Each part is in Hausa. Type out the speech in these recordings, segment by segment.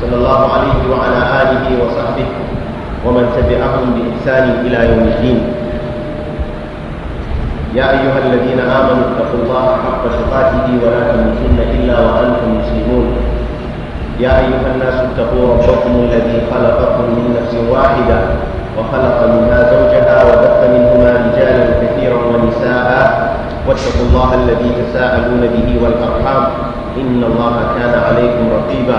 صلى الله عليه وعلى آله وصحبه ومن تبعهم بإحسان إلى يوم الدين يا أيها الذين آمنوا اتقوا الله حق شقاته ولا تموتن إلا وأنتم مسلمون يا أيها الناس اتقوا ربكم الذي خلقكم من نفس واحدة وخلق منها زوجها وبث منهما رجالا كثيرا ونساء واتقوا الله الذي تساءلون به والأرحام إن الله كان عليكم رقيبا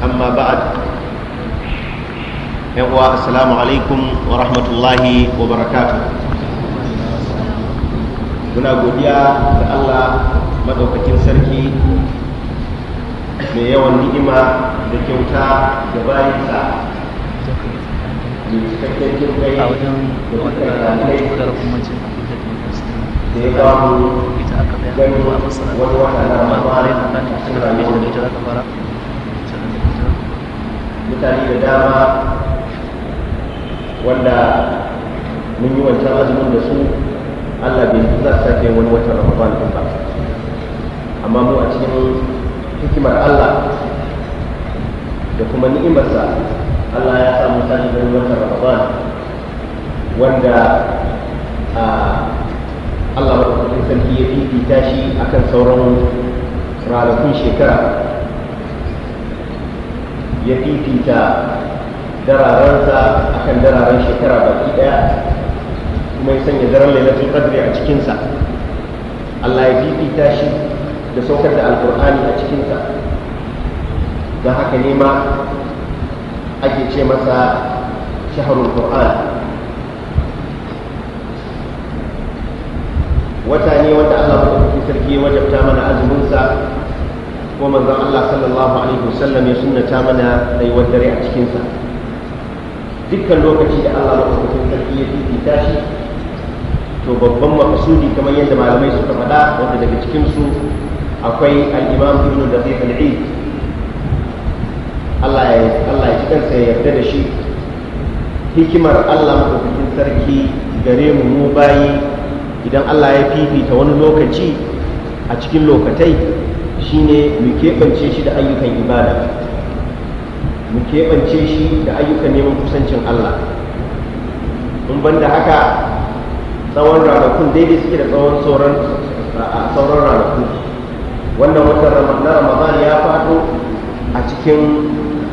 amma ba'ad yan uwa assalamu alaikum wa rahmatullahi wa barakatuh muna godiya da Allah maɗaukacin sarki mai yawan ni'ima da kyauta da bayansa mai cikakken jin kai da dukkan ranai da ya gamu ganin da wata na mamarin suna mai da mutane da dama wanda mun yi wancan azumin da su allah bai za su sake wani watan ramadan din ba amma mu a cikin hikimar allah da kuma ni'imarsa allah ya samu sake wani watan ramadan wanda a allah ba sarki ya fifita shi akan sauran ranakun shekara ya fifita dararensa akan dararen shekara baki daya kuma ya sanya daren lailatul qadri a cikinsa Allah ya fifita shi da saukar da alkur'ani a cikinsa don haka ne ma ake ce masa shaharul qur'an wata ne wanda Allah ya sarki wajabta mana azuminsa ko manzon Allah sallallahu alaihi wasallam ya sunnata mana tsayuwar dare a cikinsa dukkan lokaci da Allah madaukakin sarki ya fifita shi to babban makasudi kamar yadda malamai suka faɗa wanda daga cikinsu akwai al-imam ibn daqiq al-eid Allah ya Allah ya ya yarda da shi hikimar Allah madaukakin sarki gare mu mu bayi idan Allah ya fifita wani lokaci a cikin lokatai ne mu keɓance shi da ayyukan ibada mu keɓance shi da ayyukan neman kusancin Allah in da haka tsawon ranakun daidai suke da tsawon sauran sauran ranaku wannan watan na ramadan ya faɗo a cikin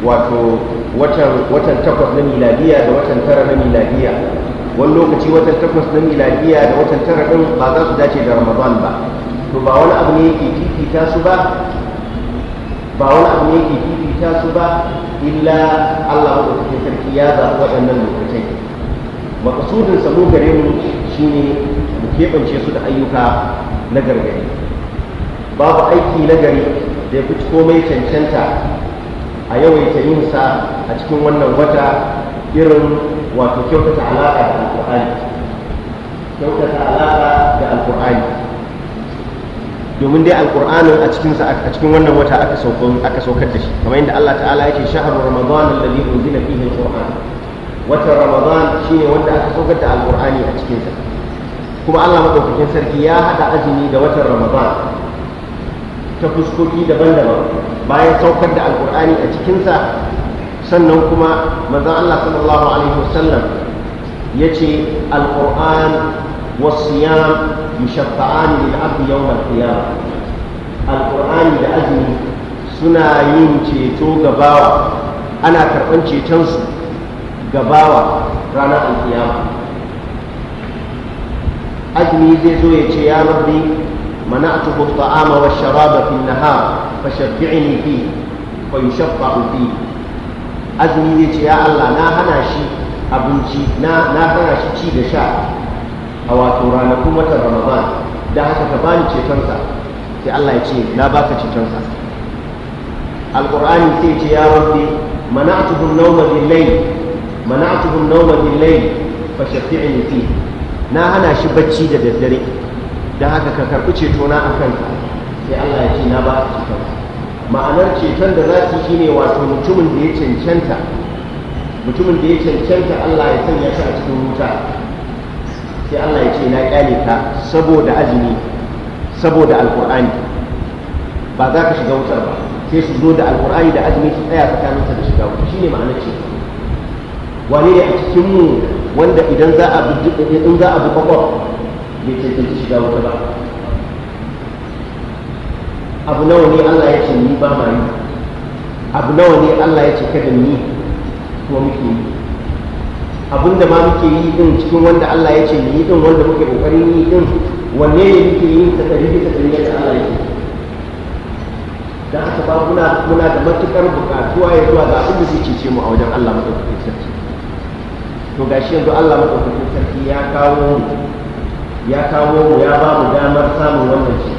wato watan watan takwas na miladiya da watan tara na miladiya wani lokaci watan takwas na miladiya da watan tara ɗin ba za su dace da ramadan ba to ba wani abu ne yake fifita su ba ba wani abu ne yake fifita su ba illa Allah madaukakin sarki ya zaɓi waɗannan lokacai makasudin mu gare mu shine mu keɓance su da ayyuka na gargari babu aiki na gari da yafi fi komai cancanta a yawaita yin sa a cikin wannan wata irin wato kyautata alaƙa da alƙur'ani kyautata alaƙa da alƙur'ani domin dai alqur'anin a cikin sa a cikin wannan wata aka saukar aka saukar da shi kamar yadda Allah ta'ala yake shahru ramadan alladhi unzila fihi alqur'an wata ramadan shine wanda aka saukar da alqur'ani a cikin sa kuma Allah madaukakin sarki ya hada azumi da watan ramadan ta fuskoki daban-daban bayan saukar da alqur'ani a cikin sa sannan kuma manzon Allah sallallahu alaihi wasallam yace alqur'an wasiyam yushaffa'ani lil abdi yawm al qiyamah alqur'ani da azumi suna yin ceto ga ana karban ceton su ga ranar alkiyama azumi zai zo ya ce ya rabbi منعته الطعام والشراب في النهار فشبعني فيه فيشفع فيه azumi zai ce ya Allah na hana shi abinci na hana shi ci da sha a wato ranakun watan ramadan da haka ka bani cetonsa sai Allah ya ce na baka cetonsa alqur'ani sai ce ya rabbi mana'tuhu nawma bil-layl mana'tuhu nawma bil-layl fa shafi'ni fi na hana shi bacci da daddare da haka ka karbi ceto na akan ka sai Allah ya ce na baka cetonsa ma'anar ceton da za su shine wato mutumin da ya cancanta mutumin da ya cancanta Allah ya sanya shi a cikin wuta sai Allah ya ce na kyale ka saboda azumi saboda alkur'ani ba za ka shiga wutar ba sai su zo da alkur'ani da azumi su tsaya tsakaninsa da shiga wuta shine ma'anar ce wane ne a cikin mu wanda idan za a bi in za a bi kwakwar bai cancanci shiga wuta ba abu nawa ne Allah ya ce ni ba ma yi abu nawa ne Allah ya ce kada ni kuma muke yi da ma muke yi din cikin wanda Allah ya ce yi din wanda muke kokarin yi din wanne ne muke yi ta tarihi ta tarihi da Allah ya ce da aka ba muna muna da matukar bukatuwa ya zuwa ga abin da zai cece mu a wajen Allah madaukakin sarki to gashi yanzu Allah madaukakin sarki ya kawo ya kawo mu ya ba mu damar samun wannan shi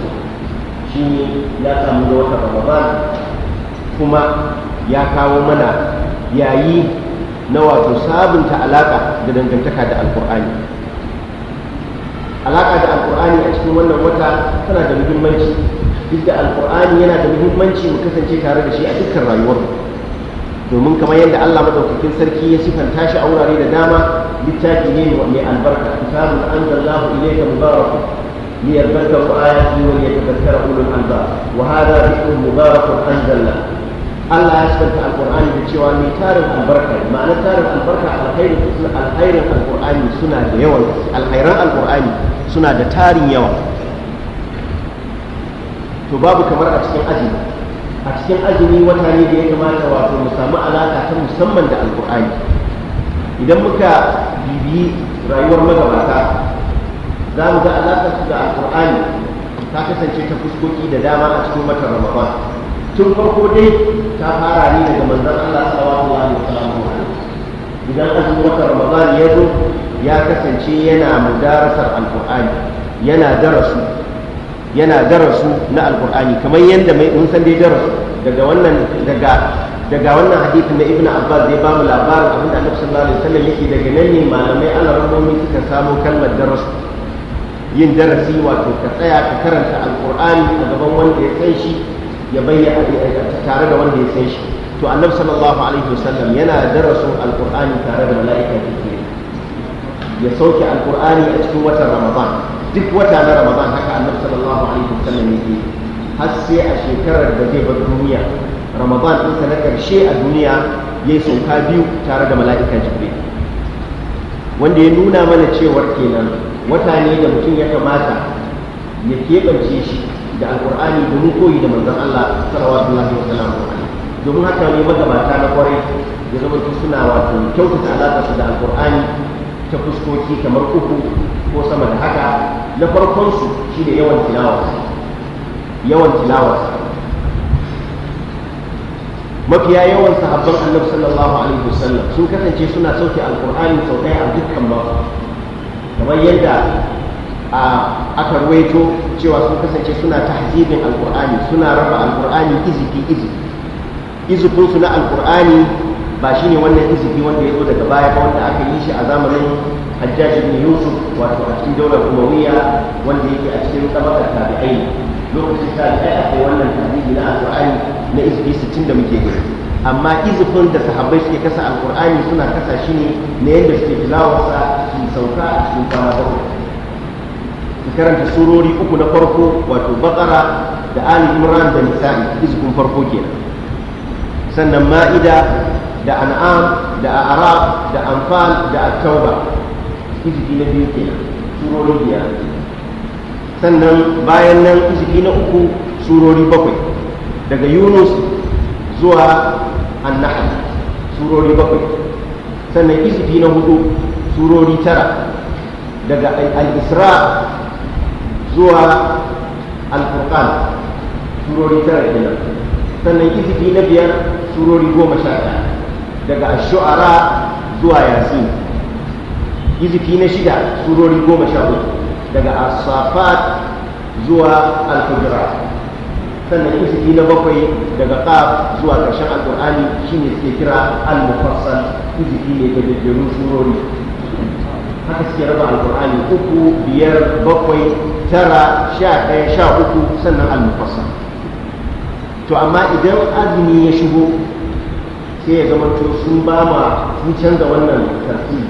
shi ne ya samu da wata babban kuma ya kawo mana yayi na wato sabunta alaƙa da dangantaka da alƙur'ani alaƙa da alƙur'ani a cikin wannan wata tana da muhimmanci duk da alƙur'ani yana da muhimmanci mu kasance tare da shi a dukkan rayuwar domin kamar yadda Allah maɗaukakin sarki ya sifanta shi a wurare da dama littafi ne mai albarka kitabun anzalallahu ilayka mubarakun liyadhakkaru ayati wa liyatadhakkara ulul albab wa hadha dhikrun mubarakun Allah ya sifanta Alƙur'ani da cewa mai tarin albarka ma'ana tarin albarka alkhairin alkhairin alqur'ani suna da yawan alkhairan Alƙur'ani suna da tarin yawa to babu kamar a cikin azumi a cikin azumi wata ne da ya kamata wato mu samu alaka ta musamman da Alƙur'ani. idan muka bibi rayuwar magabata za mu ga alaƙar su da alƙur'ani ta kasance ta fuskoki da dama a cikin watan ramadan tun farko dai ta fara ne daga manzan Allah sallallahu alaihi wasallam idan azumin wata ramadan ya zo ya kasance yana mudarasar alqur'ani yana darasu yana darasu na alqur'ani kamar yadda mai mun san dai darasu daga wannan daga daga wannan hadisi na ibnu abbas zai ba mu labarin abin da annabi sallallahu alaihi wasallam yake daga nan ne malamai alarmomi suka samo kalmar darasu yin darasi wato ka tsaya ka karanta alqur'ani a gaban wanda ya san shi ya bayyana tare da wanda ya san shi to annabi sallallahu alaihi wasallam yana darasin alqur'ani tare da mala'ika jibril ya sauke alqur'ani a cikin watan ramadan duk wata na ramadan haka annabi sallallahu alaihi wasallam yake har sai a shekarar da zai bar duniya ramadan ɗinsa na ƙarshe a duniya ya yi sauka biyu tare da mala'ika jibril wanda ya nuna mana cewar kenan wata ne da mutum ya kamata ya keɓance shi da alkur'ani domin koyi da manzon Allah sallallahu alaihi wasallam domin haka ne magabata na kwarai ya zama suna wato kyautata alaƙa su da alkur'ani ta fuskoki kamar uku ko sama da haka na farkon su shine yawan tilawarsa yawan tilawarsa mafiya yawan sahabban annabi sallallahu alaihi wasallam sun kasance suna sauke alkur'ani sau ɗaya a dukkan ba kamar yadda aka ruwaito cewa sun kasance suna tahzibin alkur'ani suna raba alkur'ani izifi izifi izifin su na alkur'ani ba shine wannan izifi wanda ya zo daga baya ba wanda aka yi shi a zamanin hajjaj ne yusuf wato a cikin daular umariya wanda yake a cikin tabakar tabi'ai lokacin tabi'ai kai wannan tahzibi na alkur'ani na izifi sittin da muke gani amma izifin da sahabbai suke kasa alkur'ani suna kasa shi ne na yadda suke filawarsa su sauka a cikin kwana bakwai ki karanta surori uku na farko wato bakara da ali imran da nisa'i izgun farko kenan sannan ma'ida da an'am da a'raf da anfal da at-tauba izgi na biyu kenan surori biyar sannan bayan nan izgi na uku surori bakwai daga yunus zuwa annahl surori bakwai sannan izgi na hudu surori tara daga al-isra zuwa alfurkan surori tara kenan sannan iziki na biyar surori goma sha ɗaya daga ashu'ara zuwa yasin iziki na shida surori goma sha uku daga asafat zuwa alfujura sannan iziki na bakwai daga qaf zuwa ƙarshen alƙur'ani shine suke kira al-mufassal izifi ne ga jajjerun surori haka suke raba alkur'ani uku biyar bakwai tara sha ɗaya sha uku sannan almufassa to amma idan azumi ya shigo sai ya zama to sun ba ma sun canza wannan tarfi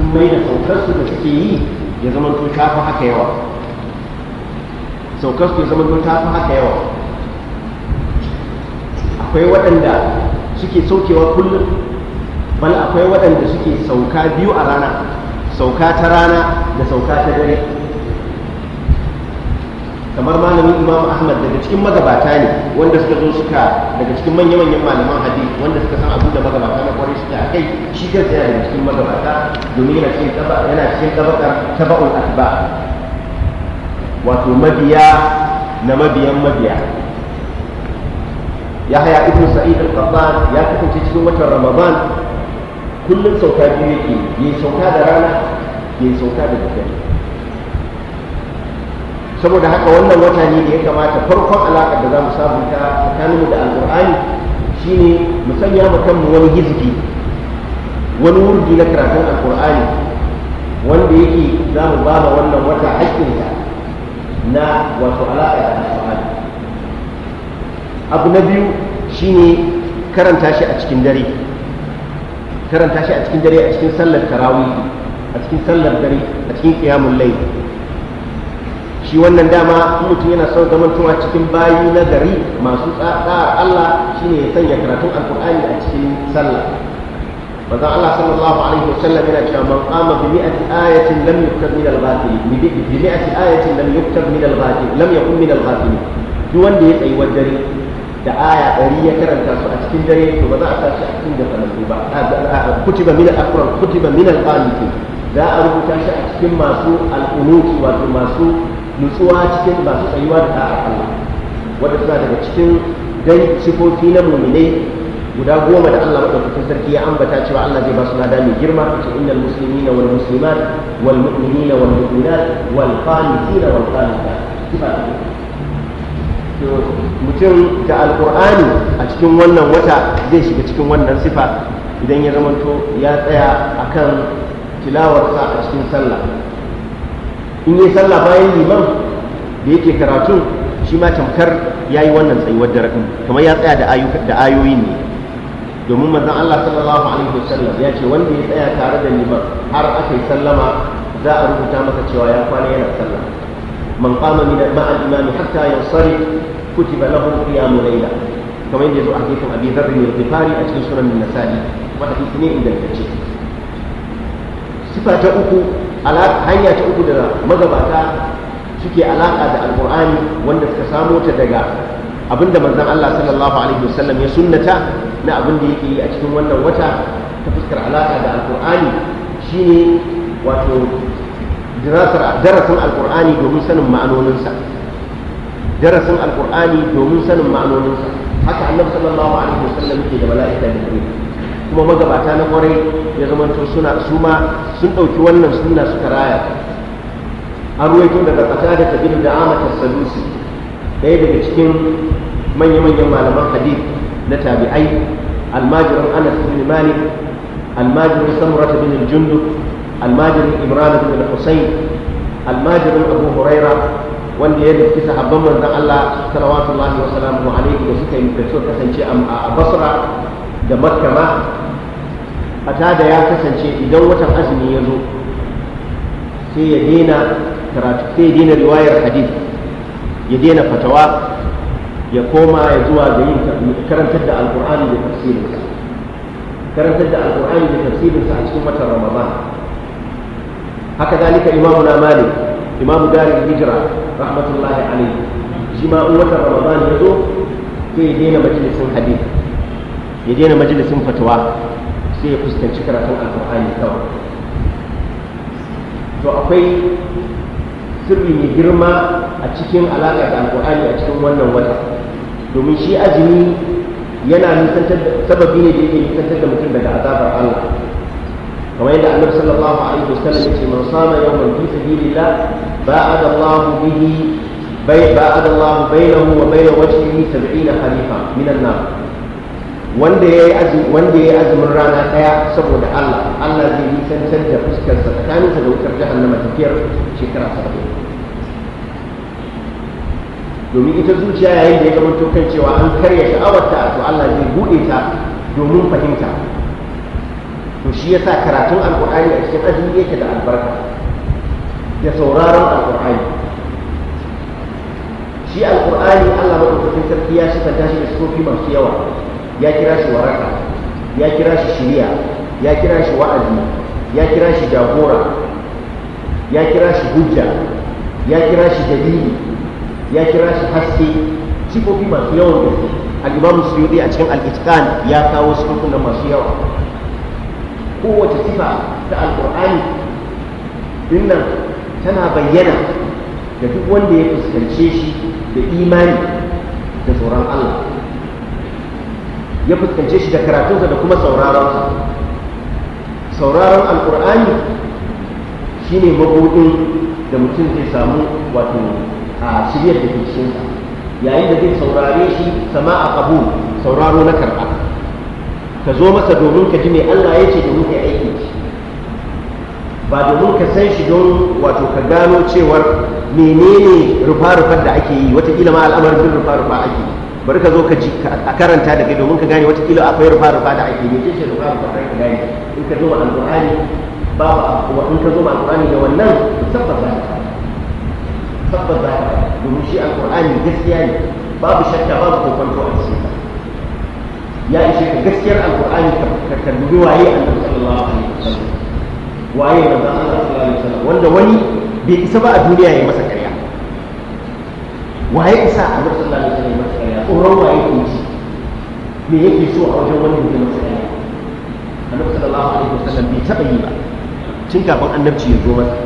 sun mai da saukarsu da suke yi ya zama to ta fi haka yawa saukarsu ya zama to ta haka yawa akwai waɗanda suke saukewa kullum bal akwai waɗanda suke sauka biyu a rana sauka ta rana da sauka ta dare kamar malamin imam ahmad daga cikin magabata ne wanda suka zo suka daga cikin manya-manyan malaman hadi wanda suka san abin da magabata na kwarai suka a kai shi ka yana daga cikin magabata domin yana cikin taba yana cikin tabakar tabaul atba wato mabiya na mabiyan mabiya ya haya ibn sa'id al-qattan ya kasance cikin watan ramadan kullum sauka biyu yake yi sauka da rana ke sauka da dukkan saboda haka wannan wata ne da ya kamata farkon alaƙar da za mu sabunta tsakaninmu da alƙur'ani shine mu sanya mu kanmu wani gizgi wani wurgi na karatun alƙur'ani wanda yake za mu ba wannan wata haƙƙinsa na wato alaƙa da alƙur'ani abu na biyu shine karanta shi a cikin dare karanta shi a cikin dare a cikin sallar tarawih a cikin sallar dare a cikin qiyamul layl shi wannan dama mutum yana son zaman zamantowa cikin bayi na gari masu tsada Allah shine ya sanya karatun alqur'ani a cikin sallah manzo Allah sallallahu alaihi wasallam yana cewa man qama bi mi'ati ayatin lam yuktab min al-ghafil bi mi'ati ayatin lam yuktab min al-ghafil lam yakun min al-ghafil duk wanda ya tsayi wajen da aya ɗari ya karanta su a cikin dare to ba za a tashi a cikin dafa sanannu ba kuti ba minal aqran kuti ba minal qanitin za a rubuta shi a cikin masu al'unuki wato masu nutsuwa cikin masu tsayuwa da ta'a Allah wanda suna daga cikin dai sifofi na muminai guda goma da Allah madaukakin sarki ya ambata cewa Allah zai ba su lada mai girma ce innal muslimina wal muslimat wal mu'minina wal mu'minat wal qanitina wal qanitat mutum da alkur'ani a cikin wannan wata zai shiga cikin wannan sifa idan ya zamanto ya tsaya a kan tilawarsa a cikin sallah in yi sallah bayan liman da yake karatu shi ma tamkar ya yi wannan tsayuwar dare kamar ya tsaya da ayoyi ne domin manzon Allah sallallahu alaihi wasallam ya ce wanda ya tsaya tare da liman har aka yi sallama za a rubuta masa cewa ya kwana yana sallah man qama min ma'a imami hatta yansari kutiba lahu qiyamu layla kamar yadda zo a hadisin Abi Dharr al-Ghifari a cikin sunan Nasa'i wa hadisi ne ingantacce sifa ta uku hanya ta uku da magabata suke alaƙa da Alƙur'ani, wanda suka samo ta daga abinda manzon Allah sallallahu alaihi wasallam ya sunnata na abinda yake yi a cikin wannan wata ta fuskar alaƙa da alqur'ani shine wato darasin Alƙur'ani domin sanin ma'anoninsa darasin alqur'ani domin sanin ma'anoninsa haka annabi sallallahu alaihi wasallam yake da mala'ika da kuma kuma magabata na kwarai ya zama to suna su ma sun ɗauki wannan sunna suka raya an ruwaito daga fata da tabiru da amata salusi ɗaya daga cikin manya-manyan malaman hadith na tabi'ai almajirin anas bin malik almajirin samurata bin jundub almajirin imran bin al-husayn almajirin abu huraira wanda ya rikki sahabban manzon Allah sallallahu wa sallamu alaihi da suka yi da kasance a Basra da Makka ma fata da ya kasance idan watan azumi ya zo sai ya daina karatu sai ya riwayar hadith ya daina fatawa ya koma ya zuwa ga yin karantar da alkur'ani da karantar da alkur'ani da tafsirinsa a cikin watan ramadan haka zalika imamu na malik imamu darin hijira rahmatullahi alaihi shi ma in watan ramadan ya zo sai ya daina majalisin hadith ya daina majalisin fatawa sai ya fuskanci karatun alkur'ani kawai to akwai sirri mai girma a cikin alaƙar da alfahari a cikin wannan wata domin shi azumi yana nisantar sababi ne da yake nisantar da mutum daga azabar allah kamar yadda annabi sallallahu alaihi wasallam yace man sama yawman fi sabilillah ba'ada Allah bihi ba'ada Allah bainahu wa bain wajhihi 70 khalifa min an-nar wanda yayi azumi wanda yayi azumin rana daya saboda Allah Allah zai yi tantar da fuskar sa tsakaninsa da wutar jahannama tafiyar shekara 70 domin ita zuciya yayin da ya gabanto kan cewa an karya sha'awarta to Allah zai bude ta domin fahimta to shi ya sa karatun alkur'ani a cikin azumi yake da albarka da sauraron alkur'ani shi alkur'ani Allah madaukakin sarki ya sifanta shi da sufi masu yawa ya kira shi waraka ya kira shi shiriya ya kira shi wa'azi ya kira shi jagora ya kira shi hujja ya kira shi dalili ya kira shi haske sifofi masu yawan da su a cikin al ya kawo sifofin masu yawa kowace sifa ta alkur'ani dinnan tana bayyana da duk wanda ya fuskance shi da imani da tsoron Allah ya fuskance shi da karatunsa da kuma sauraronsa sauraron alkur'ani shine mabuɗin da mutum zai samu wato a shiryar da ke cikinsa yayin da zai saurare shi sama a abu sauraro na karɓa ka zo masa domin ka ji me Allah ya ce domin ka aiki ba domin ka san shi don wato ka gano cewar menene rufa-rufar da ake yi watakila ma al'amarin bin rufa-rufa ake yi bari ka zo ka ji a karanta da kai domin ka gane watakila akwai rufa-rufa da ake yi ce rufa-rufa kai ka gane in ka zo ma alƙur'ani ba ba in ka zo ma alƙur'ani da wannan tabbas za ka tabbas za ka domin shi alƙur'ani gaskiya ne babu shakka babu kokon a cikin ya ishe ka gaskiyar alkur'ani ka kalli waye annabi sallallahu alaihi wasallam waye a Allah sallallahu alaihi wasallam wanda wani bai isa ba a duniya ya masa karya waye isa a annabi sallallahu alaihi wasallam ya masa karya tsoron waye ke me yake so a wajen wani da masa karya annabi sallallahu alaihi wasallam bai taba yi ba tun kafin annabci ya zo masa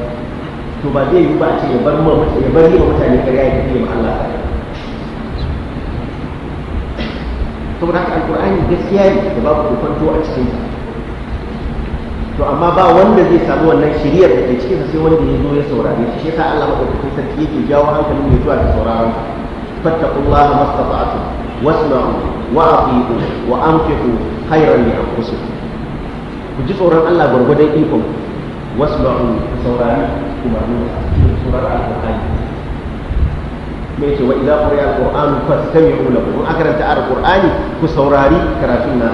to ba zai yi ba a ce ya bar mutane mutane karya ya tafi ma Allah saboda haka alkur'ani gaskiya ne da babu kwanto a cikin to amma ba wanda zai samu wannan shiriyar da ke cikin sai wanda ya zo ya saurare shi shi yasa Allah madaukakin sarki yake jawo hankalin mai zuwa da sauraron fattaqullaha mastata'tum wasma'u wa atiqu wa anfiqu khayran li anfusikum ku ji tsoron Allah gurgurdan ikon wasma'u saurari kuma ne surar alqur'ani Mai ce wa idza quriya alquran fastami'u lahu in aka karanta alqurani ku saurari karatun na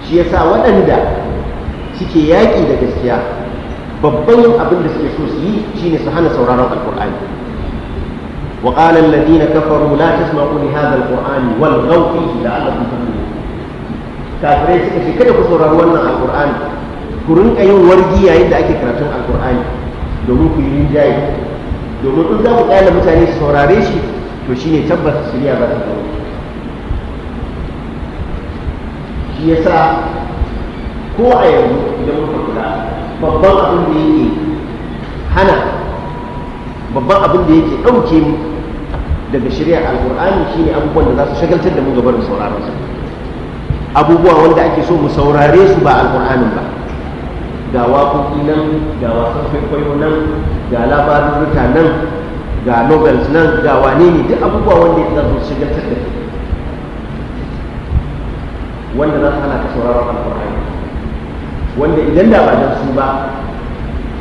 shi yasa waɗanda suke yaƙi da gaskiya babban abin da suke so su yi shine su hana sauraron alqurani وقال الذين كفروا لا تسمعوا لهذا القرآن والغوا فيه لعلكم تفلحون kafirai suka ce kada ku saurari wannan alkur'ani ku rinka yin wargi yayin da ake karatun alkur'ani domin ku yi rinjaye domin in za ku kyale mutane su saurare shi to shi shine tabbata shirya ba ta kawo shi ya sa ko a yanzu idan muka kula babban abin da yake hana babban abin da yake ɗauke mu daga shari'ar alkur'ani shine abubuwan da za su shagaltar da mu da sauraron su abubuwa wanda ake so mu saurare su ba alƙur'anin ba ga waƙoƙi nan ga wasan kwaikwayo nan ga labarin mutanen ga nobels nan ga wane ne duk abubuwa wanda ya zama shigar da kai wanda za su hana ka sauraron alfahari wanda idan da ba su ba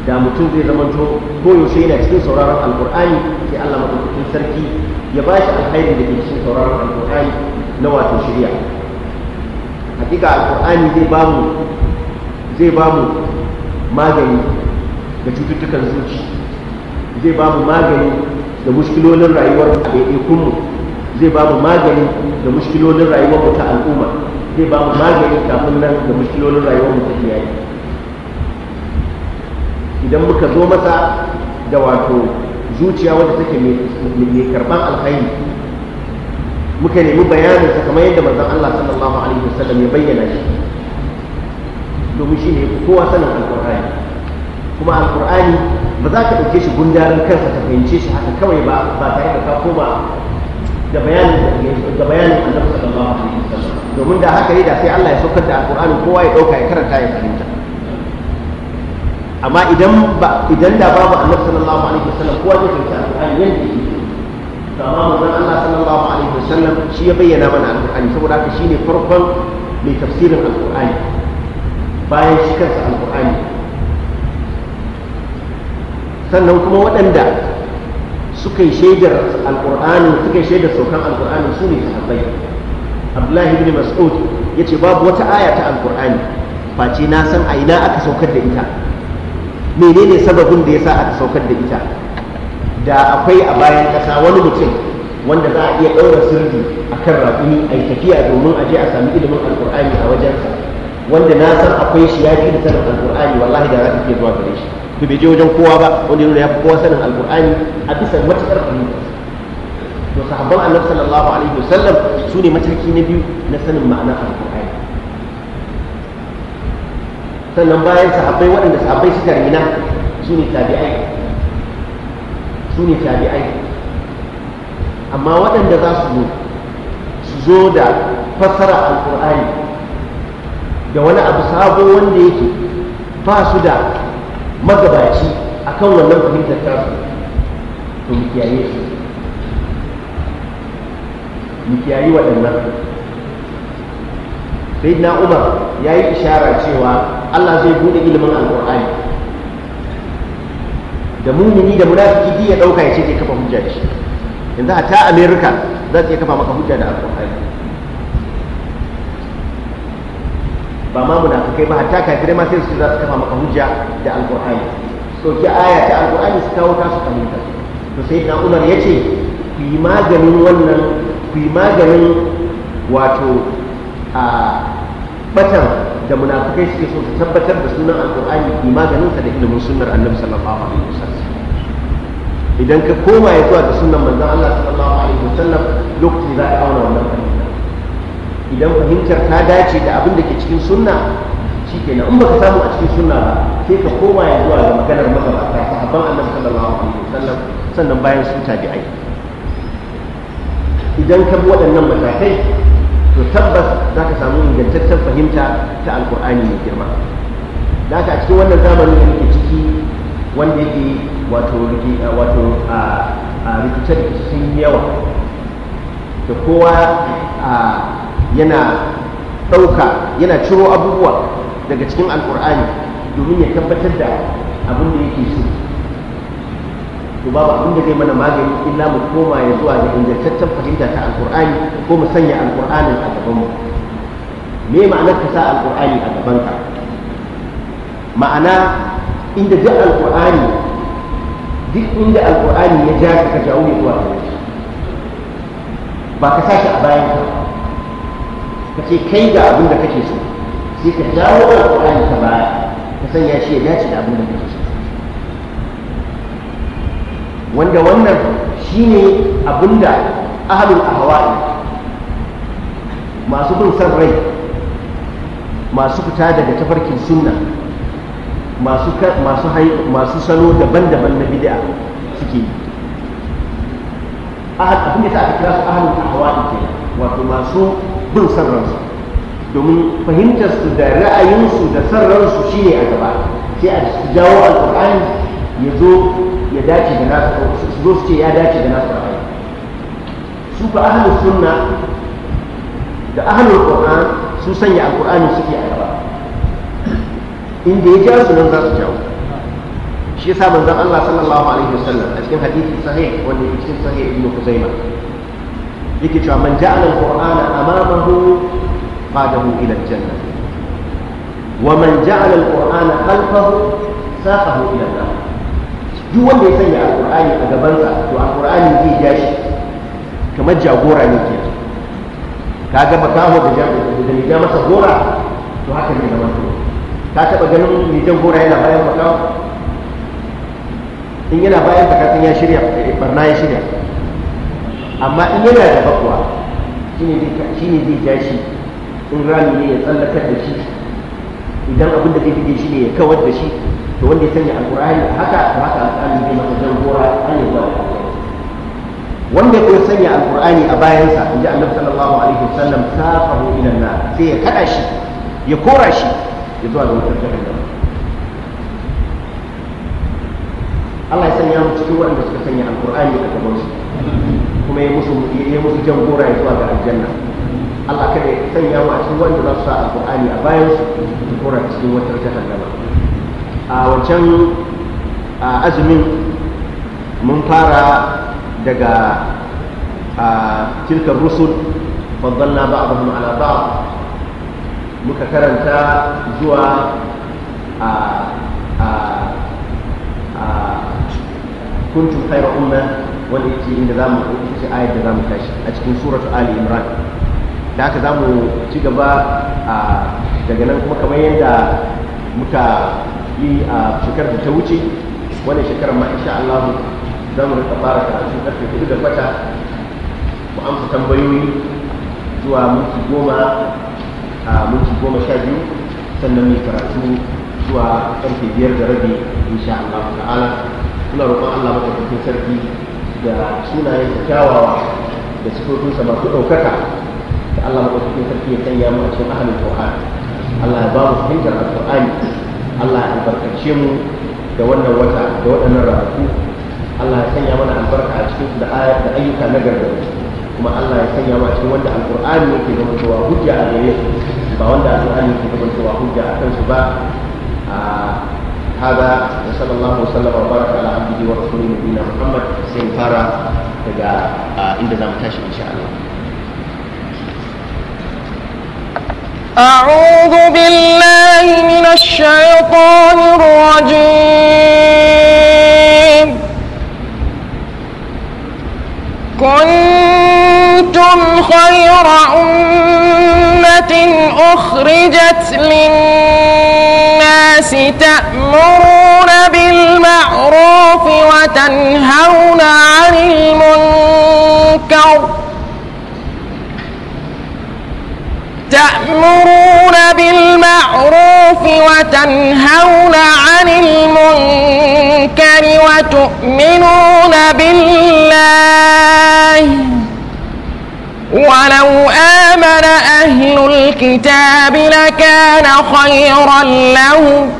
da mutum zai zama to koyaushe yana cikin sauraron alkur'ani ke Allah madaukakin sarki ya ba shi alkhairi da ke cikin sauraron alƙur'ani na wato shirya hakika alkur'ani zai ba zai ba mu magani ga cututtukan zuci. zai ba mu magani da mushkilolin rayuwar ɗaiɗaikunmu zai ba mu magani da mushkilolin rayuwar mu ta al'umma zai ba mu magani kafin nan da mushkilolin rayuwar mu ta iyaye idan muka zo masa da wato zuciya wadda take mai karban alkhairi muka nemi bayanin sa kamar yadda manzon Allah sallallahu alaihi wasallam ya bayyana shi domin shi ne kowa sanin alkur'ani kuma alkur'ani ba za ka ɗauke shi gundarin kansa ka fahimce shi haka kawai ba ba tare da ka koma da bayanin da bayanin annabi sallallahu alaihi wasallam domin da haka yi da sai Allah ya saukar da alkur'ani kowa ya ɗauka ya karanta ya fahimta amma idan ba idan da babu annabi sallallahu alaihi wasallam kowa zai fahimci alkur'ani yadda yake to amma manzon Allah sallallahu alaihi wasallam shi ya bayyana mana alkur'ani saboda haka shine farkon mai tafsirin alkur'ani bayan shi kansa alkur'ani sannan kuma waɗanda suka yi shaidar alƙur'ani suka yi shaidar saukan alƙur'ani su ne sahabbai abdullahi ibn mas'ud ya ce babu wata aya ta alƙur'ani face na san a ina aka saukar da ita menene sababin da ya sa aka saukar da ita da akwai a bayan ƙasa wani mutum wanda za a iya ɗaura sirri a kan raƙumi a yi tafiya domin a je a sami ilimin alƙur'ani a wajensa wanda na san akwai shi ya fi da sanin alƙur'ani wallahi da za ka iya zuwa gare shi to bai je wajen kowa ba wani yana ya fi kowa sanin alkur'ani a bisa matakar fahimta to sahabban annabi sallallahu alaihi wasallam su ne mataki na biyu na sanin ma'anar alkur'ani sannan bayan sahabbai waɗanda sahabbai suka rina su ne tabi'ai su ne tabi'ai amma waɗanda za su zo su zo da fassara alkur'ani da wani abu sabo wanda yake ba su da magabaci kan wannan fahimtar tasu to mu kiyaye su mu kiyaye waɗannan sai na umar ya yi ishara cewa allah zai buɗe ilimin alƙur'ani da mumini da munafiki ya ɗauka ya ce ke kafa hujja da yanzu a ta Amerika za su iya kafa maka hujja da alƙur'ani ba ma munafikai ba hatta kafirai ma sai su za su kafa maka hujja da alqur'ani ki aya ta alqur'ani su kawo ta su kamunta to sai na umar yace ku yi maganin wannan ku yi maganin wato a batan da munafikai suke so su tabbatar da sunan alqur'ani ku yi maganin sa da ilimin sunnar annabi sallallahu alaihi wasallam idan ka koma ya zuwa da sunan manzon Allah sallallahu alaihi wasallam lokacin za a auna wannan idan fahimtar ta dace da abin da ke cikin sunna shi kenan in baka samu a cikin sunna ba sai ka koma ya zuwa ga maganar magabata sahabban annabi sallallahu alaihi wasallam sannan bayan su tabi'ai idan ka bi waɗannan matakai to tabbas za ka samu ingantaccen fahimta ta alkur'ani mai girma da haka a cikin wannan zamanin da muke ciki wanda yake wato wato a rikice yawa da kowa a yana ɗauka yana ciro abubuwa daga cikin alkur'ani domin ya tabbatar da abin da yake so to babu abin da zai mana magani illa mu koma ya zuwa da ingantaccen fahimta ta alkur'ani ko mu sanya Alƙur'anin a gabanmu me ma'anar ka sa alkur'ani a gabanka ma'ana inda duk alkur'ani duk inda alkur'ani ya ja ka jawo ya zuwa ba ka sa shi a bayan ka ka kai ga abin da kake so sai ka dawo da alƙur'ani ka baya ka sanya shi ya dace da abin da kake so wanda wannan shine abin da ahlul ahwa'i masu bin san rai masu fita daga tafarkin sunna masu masu salo daban-daban na bid'a suke yi abin da ta aka kira su ahlul ahwa'i ke wato masu bin sarransu domin fahimtarsu da ra'ayinsu da sarransu shi ne a gaba sai a jawo alƙur'ani ya zo ya dace da nasu su zo su ce ya dace da nasu ra'ayi su fa ahlus sunna da ahlul qur'an su sanya alƙur'ani suke a gaba inda ya ja su nan za su jawo shi yasa manzon Allah sallallahu alaihi wasallam a cikin hadisi sahih wanda ya cikin sahih ibn Khuzaimah yake cewa man ja'ala al-qur'ana amamahu qadahu ila janna wa man ja'ala al-qur'ana khalfahu saqahu ila al nar duk wanda ya sanya al-qur'ani a gabansa to al-qur'ani zai ja shi kamar jagora ne ke kaga kawo da jagora da ya masa gora to haka ne gaban to ka taba ganin mai jan gora yana bayan kawo in yana bayan bakatin ya shirya eh, barna ya shirya amma in yana da bakwa shi ne zai ja in rami ne ya tsallakar da shi idan abin da zai fige shi ne ya kawar da shi to wanda ya sanya alkur'ani a haka to haka alkur'ani zai masa zan gora an yi zuwa wanda ya sanya alkur'ani a bayansa in ji annabi sallallahu alaihi wasallam safahu ila na, sai ya kada shi ya kora shi ya zuwa ga wutar jahannam Allah ya sanya mu cikin waɗanda suka sanya alkur'ani a gaban su kuma ya musu ya musu jan gora ya zuwa ga aljanna Allah kada ya sanya ma a cikin wanda za su sa alqur'ani a bayan su gora cikin wata jahannama a wancan azumin mun fara daga tilka rusul faddalna ba'dhum ala ba'd muka karanta zuwa a a a kuntum khayra ummah wanda yake inda zamu yake ayat da zamu tashi a cikin suratu ali imran da haka zamu ci gaba a daga nan kuma kamar yadda muka yi a shekarar da ta wuce wannan shekarar ma insha Allah za mu rika fara karatu karfe hudu da kwata mu amsa tambayoyi zuwa minti goma a minti goma sha biyu sannan mai karatu zuwa karfe biyar da rabi insha Allah ta'ala muna roƙon Allah madaukakin sarki da sunayen da kyawawa da sifofinsa masu ɗaukaka da Allah maɗaukakin sarki ya sanya mu a cikin ahalin Qur'an Allah ya ba mu fahimtar Al-Qur'ani Allah ya albarkace mu da wannan wata da waɗannan ranaku Allah ya sanya mana albarka a cikin da ayyuka na gargaɗi kuma Allah ya sanya mu a cikin wanda Al-Qur'ani yake zama cewa hujja a gare su ba wanda Al-Qur'ani yake zama cewa hujja a kansu ba ah, هذا وصلى الله وسلم وبارك على عبده ورسوله نبينا محمد سين فارا daga inda ان شاء الله أعوذ بالله من الشيطان الرجيم كنتم خير أمة أخرجت لي الناس تأمرون بالمعروف وتنهون عن المنكر تأمرون بالمعروف وتنهون عن المنكر وتؤمنون بالله ولو آمنوا أهل الكتاب لكان خيرا لهم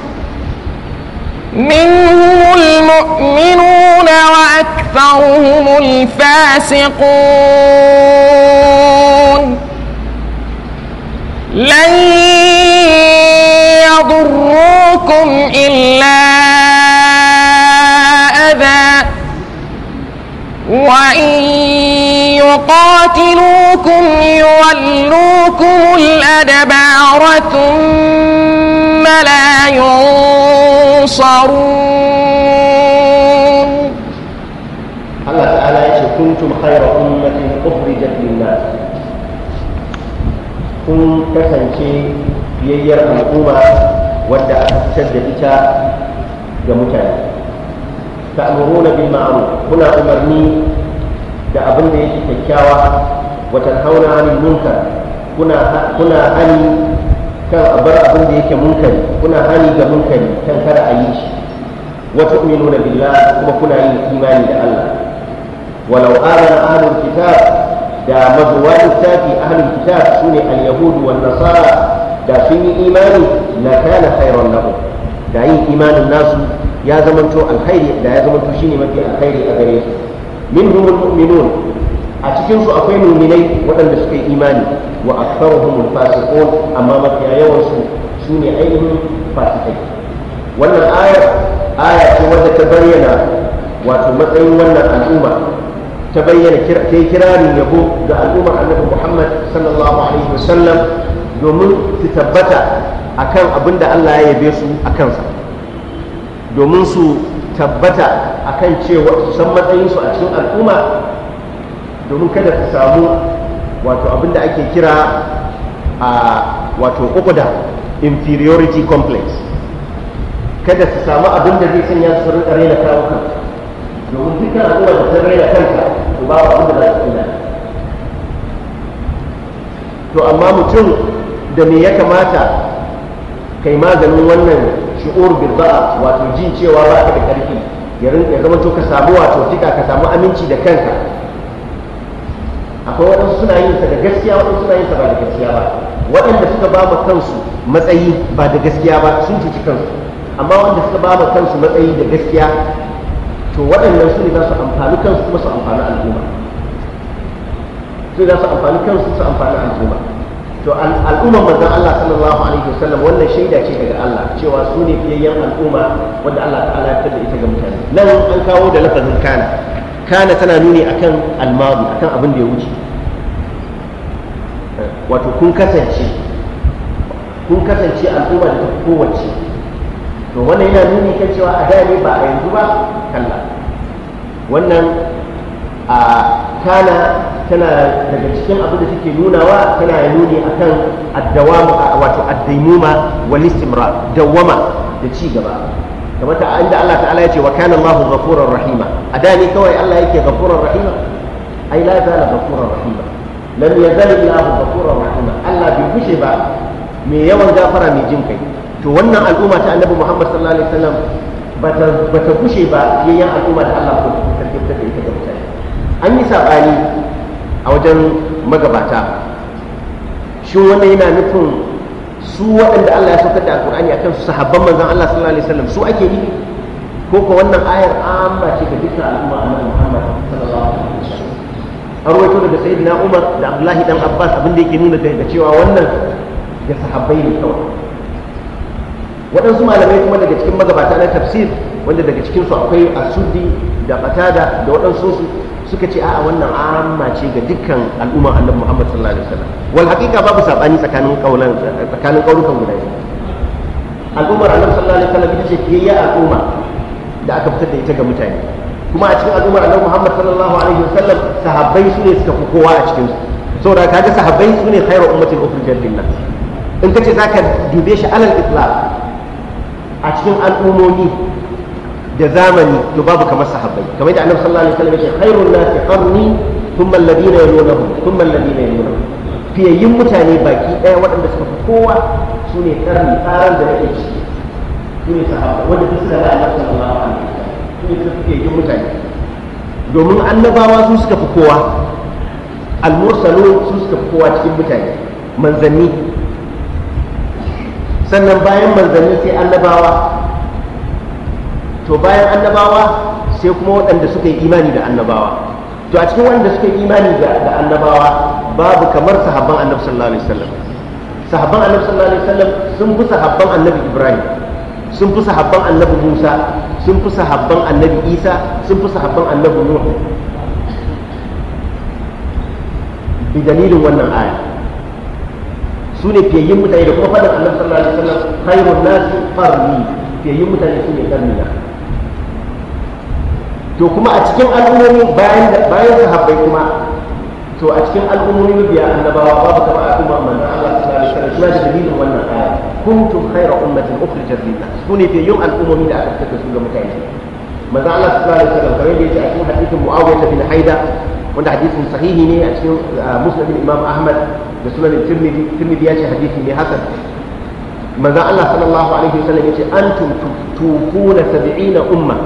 منهم المؤمنون وأكثرهم الفاسقون لن يضروكم إلا أذى وإن يقاتلوكم يولوكم الأدبار ثم لا ينصرون قال تعالى كنتم خير أمة أخرجت للناس كن شيء يير أمقوما ودع تشددتا جمتان تأمرون بالمعروف هنا أمرني da abin da yake kyakkyawa wata hauna hannun munkar kuna hani kan abar abin da yake munkari kuna hani ga munkari kan kada a yi shi wata uminu na billah kuma kuna yin imani da Allah walau amana ahlul kitab da mazuwa littafi ahlul kitab sune al-yahudu wa nasara da sun yi imani na kana khairan lahum da yin imanin nasu ya zamanto alkhairi da ya zamanto shine mafi alkhairi a gare su minhum almu'minun a cikinsu akwai mu'minai waɗanda suka yi imani wa aktharuhum alfasiqun amma mafiya yawan su sune ainihin fasikai wannan ayar aya ce wadda ta bayyana wato matsayin wannan al'umma ta bayyana ta yi yabo ga al'ummar annabi muhammad sallallahu domin ta tabbata akan abin da allah ya yabe su a kansa domin su tabbata a kan cewa su san matsayinsu a cikin al'umma domin kada su samu wato abinda ake kira a wato ukuda inferiority complex kada su samu abin da zai sanya su rinka raina kawo kansu domin dukkan al'umma da ta raina kanta to ba abin da za su ina to amma mutum da me ya kamata kai maganin wannan shi'ur bil ba'a wato jin cewa ba ka da karfi ya zama to ka samu wato tika ka samu aminci da kanka akwai waɗansu suna yin sa da gaskiya waɗansu suna yin sa ba da gaskiya ba waɗanda suka ba mu kansu matsayi ba da gaskiya ba sun cuci kansu amma wanda suka ba mu kansu matsayi da gaskiya to waɗannan su ne za su amfani kansu kuma su amfani al'umma su za su amfani kansu su amfani al'umma to al'ummar manzon Allah sallallahu alaihi wasallam wannan shaida ce daga Allah cewa su ne fiyayyen al'umma wanda Allah ta'ala ya tada ita ga mutane nan an kawo da lafazin kana kana tana nuni akan almadi akan abin da ya wuce wato kun kasance kun kasance al'umma da ta kowace to wannan yana nuni kan cewa a da ne ba a yanzu ba kalla wannan a kana tana daga cikin abin da take nunawa tana nuni akan addawama wato addaimuma wal istimra dawama da ci gaba kamar ta inda Allah ta'ala ya ce wa kana Allahu ghafurur rahima adani kawai Allah yake ghafurur rahima ai la zala ghafurur rahima lam yazal Allahu ghafurur rahima Allah bai fushe ba me yawan gafara mai jin kai to wannan al'umma ta Annabi Muhammad sallallahu alaihi wasallam bata bata fushe ba yayin al'umma da Allah ko ta ita gaba an yi saɓani a wajen magabata shi wanda yana nufin su waɗanda Allah ya saukar da alƙur'ani a kansu sahabban manzan Allah sallallahu alaihi wasallam su ake yi ko ko wannan ayar amma ce ga dukkan al'umma annabi Muhammad sallallahu alaihi wasallam har wato da sayyidina Umar da Abdullahi dan Abbas abin da yake nuna da cewa wannan ga sahabbai ne kawai waɗansu malamai kuma daga cikin magabata na tafsir wanda daga cikinsu akwai asudi da fatada da waɗansu su suka ce a'a wannan amma ce ga dukkan al'umma annabi Muhammad sallallahu alaihi wasallam wal haqiqa babu sabani tsakanin kaulan tsakanin kaulukan guda biyu al'ummar annabi sallallahu alaihi wasallam ita ce ya al'umma da aka fitar da ita ga mutane kuma a cikin al'ummar annabi Muhammad sallallahu alaihi wasallam sahabbai su ne suka fi kowa a cikin su saboda kaga sahabbai su ne khairu ummatin ukhrijat lin nas in kace zaka dube shi alal itlaq a cikin al'umomi da zamani to babu kamar sahabbai kamar da annabi sallallahu alaihi wasallam ya khairun nasi qarni thumma alladhina thumma alladhina fiyayyin mutane baki daya waɗanda suka fi kowa su ne karni da nake ciki su ne sahabbai wanda suka ga annabi sallallahu alaihi wasallam su ne fiyayyin mutane domin annabawa su suka fi kowa su suka fi kowa cikin mutane manzanni sannan bayan manzanni sai annabawa to bayan annabawa sai kuma waɗanda suka yi imani da annabawa to a cikin waɗanda suka yi imani da annabawa babu kamar sahabban annabi sallallahu alaihi wasallam sahabban annabi sallallahu alaihi wasallam sun fi sahabban annabi ibrahim sun fi sahabban annabi musa sun fi sahabban annabi isa sun fi sahabban annabi nuh bi dalilin wannan aya su ne fiyayyin mutane da kuma faɗin annabi sallallahu alaihi wasallam khairun nasi farni fiyayyin mutane su ne karni na to kuma a cikin al'ummomi bayan bayan sahabbai kuma to a cikin al'ummomi mabiya annabawa babu kama al'umma manzo Allah sallallahu alaihi wasallam suna da dalilin wannan aya kuntum khayra ummatin ukhrijat lin-nas sune fi yawm al'ummomi da aka fitar da su ga mutane manzo Allah sallallahu alaihi wasallam kamar yadda yake a cikin hadisin Muawiyah bin Haida wanda hadisin sahihi ne a cikin Musnad Imam Ahmad da Sunan Tirmidhi Tirmidhi ya hadisi ne hasan manzo Allah sallallahu alaihi wasallam yace antum tufuna 70 umma